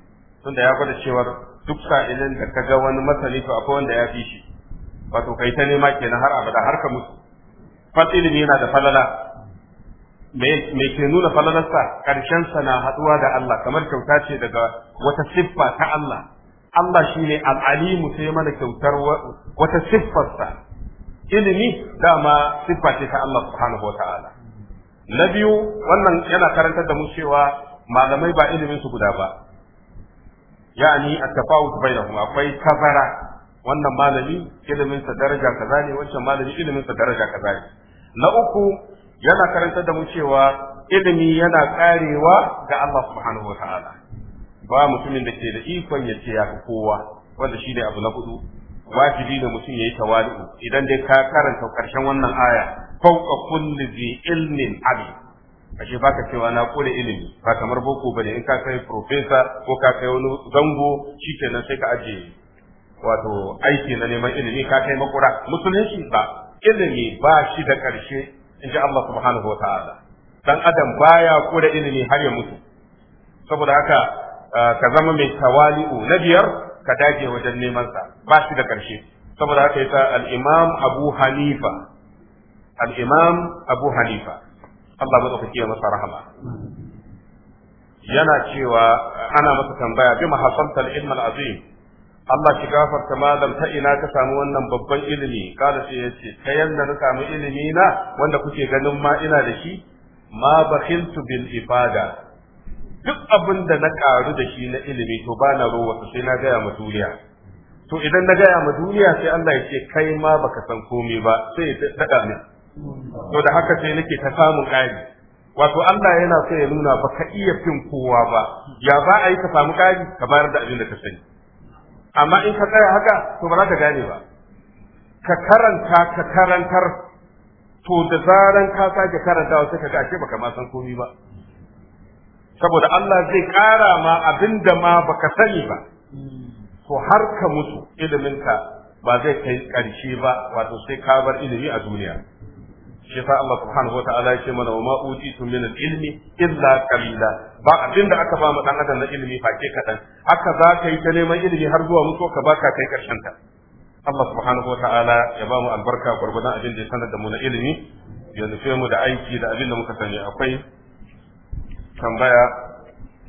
tunda ya gwada cewar duk sa'ilin da kaga wani masani to akwai wanda ya fi shi wato kai ta nema kenan har abada har ka mutu fat ilimi yana da falala me ke nuna falalarsa ƙarshensa na haɗuwa da Allah kamar kyauta ce daga wata siffa ta Allah Allah shi ne al’alimu sai mana kyautar wata siffarsa ilimi dama siffa ce ta Allah subhanahu na biyu wannan yana karantar da mu malamai ba ilimin su guda ba yani bai tafawut kuma akwai kazara wannan malami ilimin sa daraja kaza ne wancan malami ilimin sa daraja kaza ne na uku yana karantar da mu ilimi yana karewa ga Allah subhanahu ba mutumin da ke da ikon ya ce ya fi kowa wanda shi ne abu na hudu wajibi ne mutum ya yi tawali'u idan dai ka karanta karshen wannan aya fauka kulli zi ilmin abi ashe baka cewa na kore ilimi ba kamar boko bane in ka kai profesa? ko ka kai wani zango shikenan sai ka aje wato aiki na neman ilimi ka kai makura musulunci ba ilimi ba shi da karshe in ji Allah subhanahu wa ta'ala dan adam baya kore ilimi har ya mutu saboda haka Eh, ka zama mai tawali'u na biyar ka dage wajen neman sa ba shi da karshe saboda haka yasa al-Imam Abu Hanifa al-Imam Abu Hanifa Allah madaukaki ya masa rahama yana cewa ana masa tambaya bi mahasanta al-ilm al-azim Allah ki gafarta malam ta ina ka samu wannan babban ilimi kada sai yace ka yanda na samu ilimi na wanda kuke ganin ma ina da shi ma bakhiltu bil ibada duk abin da na karu da shi na ilimi to ba na rowa sai na gaya ma duniya to idan na gaya ma duniya sai Allah ya ce kai ma baka san komai ba sai ya daɗa min to da haka sai nake ta samun ƙari wato Allah yana so ya nuna baka iya fin kowa ba ya ba a yi ka samu ƙari ka bayar da abin da ka sani amma in ka tsaya haka to ba za ka gane ba ka karanta ka karantar to da zaran ka sake karantawa sai ka ga ashe baka ma san komai ba saboda Allah zai ƙara ma abinda ma baka sani ba to har ka mutu iliminka ba zai kai ƙarshe ba wato sai ka bar ilimi a duniya shi fa Allah subhanahu wataala ya ce mana wa ma utitu min ilmi illa qalila ba abinda aka ba mu dan adam na ilimi face kadan haka za ka yi ta neman ilimi har zuwa mutuwa ka baka kai ƙarshen ta Allah subhanahu wataala ya ba mu albarka gurgudan abin da ya sanar da mu na ilimi ya nufe mu da aiki da abin da muka sani akwai tambaya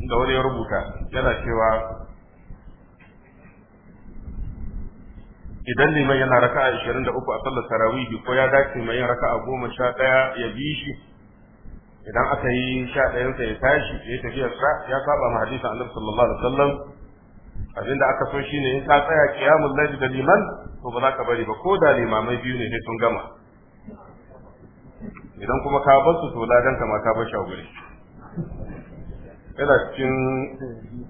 da wani ya rubuta yana cewa idan liman yana raka da 23 a sallar tarawihi ko ya dace mai yin raka sha 11 ya bi shi idan aka yi 11 sa ya tashi ya tafiya sa ya saba ma hadisa Annabi sallallahu alaihi wasallam da aka so shi shine in ka tsaya qiyamul layl da liman ko ba za ka bari ba ko da limamai biyu ne sai sun gama idan kuma ka bar su to ladan ka ma ka bar shi a yana cikin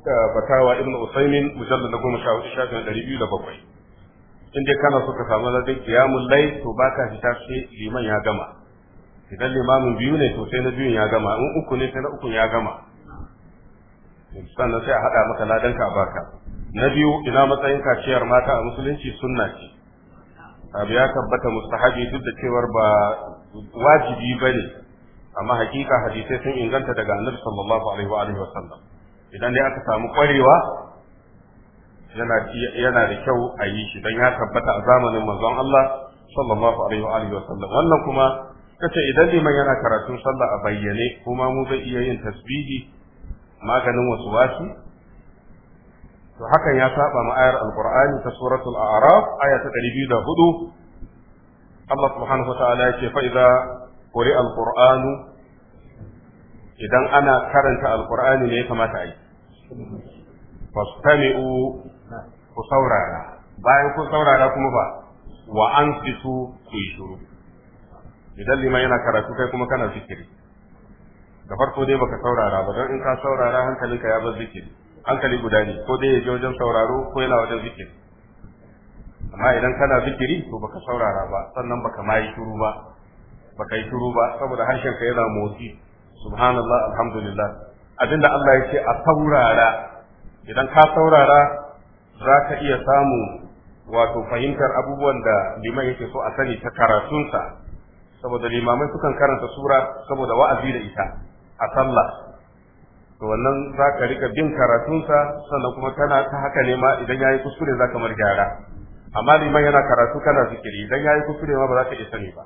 eh, fatawa ibn usaimin mujallar na goma shafin ɗari biyu da bakwai in dai kana suka samu ladin kiyamun lai to ba ka fita sai liman ya gama idan limamin biyu ne to sai na biyun ya gama in uku ne sai na ukun ya gama sannan sai a haɗa maka ladanka a baka na biyu ina matsayin kaciyar mata a musulunci sunna ce abu ya tabbata mustahabi duk da cewar ba wajibi ba ne amma hakika hadisai sun inganta daga annabi sallallahu alaihi wa alihi wasallam idan dai aka samu kwarewa yana yana da kyau a yi shi dan ya tabbata a zamanin manzon Allah sallallahu alaihi wa alihi wasallam wannan kuma kace idan liman yana karatun sallah a bayyane kuma mu zai iya yin tasbihi maganin wasu wasi to hakan ya saba ma ayar alqur'ani ta suratul a'raf aya ta 204 Allah subhanahu wa ta'ala ya ce fa idza kuri alqur'anu idan ana karanta alqur'ani ne ya kamata a yi fastami'u ku saurara bayan kun saurara kuma ba wa an fito ku yi shuru idan liman yana karatu kai kuma kana zikiri da farko dai baka saurara ba don in ka saurara hankalinka ya bar zikiri hankali guda ne ko dai ya je wajen sauraro ko yana wajen zikiri amma idan kana zikiri to baka saurara ba sannan baka ma yi shuru ba baka yi shiru ba saboda harshen ka yana motsi subhanallah alhamdulillah abinda Allah yake a saurara idan ka saurara za ka iya samu wato fahimtar abubuwan da liman yake so a sani ta karatunsa saboda limamai sukan karanta sura saboda wa'azi da ita a sallah to wannan za ka rika bin karatunsa sannan kuma tana ta haka ne ma idan yayi kuskure za ka mar gyara amma liman yana karatu kana zikiri idan yayi kuskure ma ba za ka isa ne ba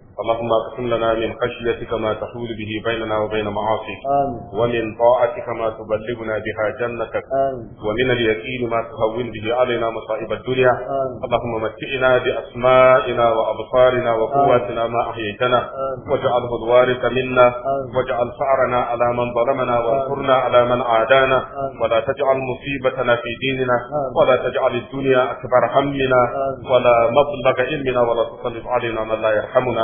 اللهم اقسم لنا من خشيتك ما تحول به بيننا وبين معاصيك ومن طاعتك ما تبلغنا بها جنتك ومن اليقين ما تهون به علينا مصائب الدنيا اللهم متئنا باسمائنا وابصارنا وقواتنا ما احييتنا واجعله الوارث منا واجعل ثارنا على من ظلمنا وانصرنا على من عادانا ولا تجعل مصيبتنا في ديننا ولا تجعل الدنيا اكبر همنا ولا مبلغ علمنا ولا تسلط علينا من لا يرحمنا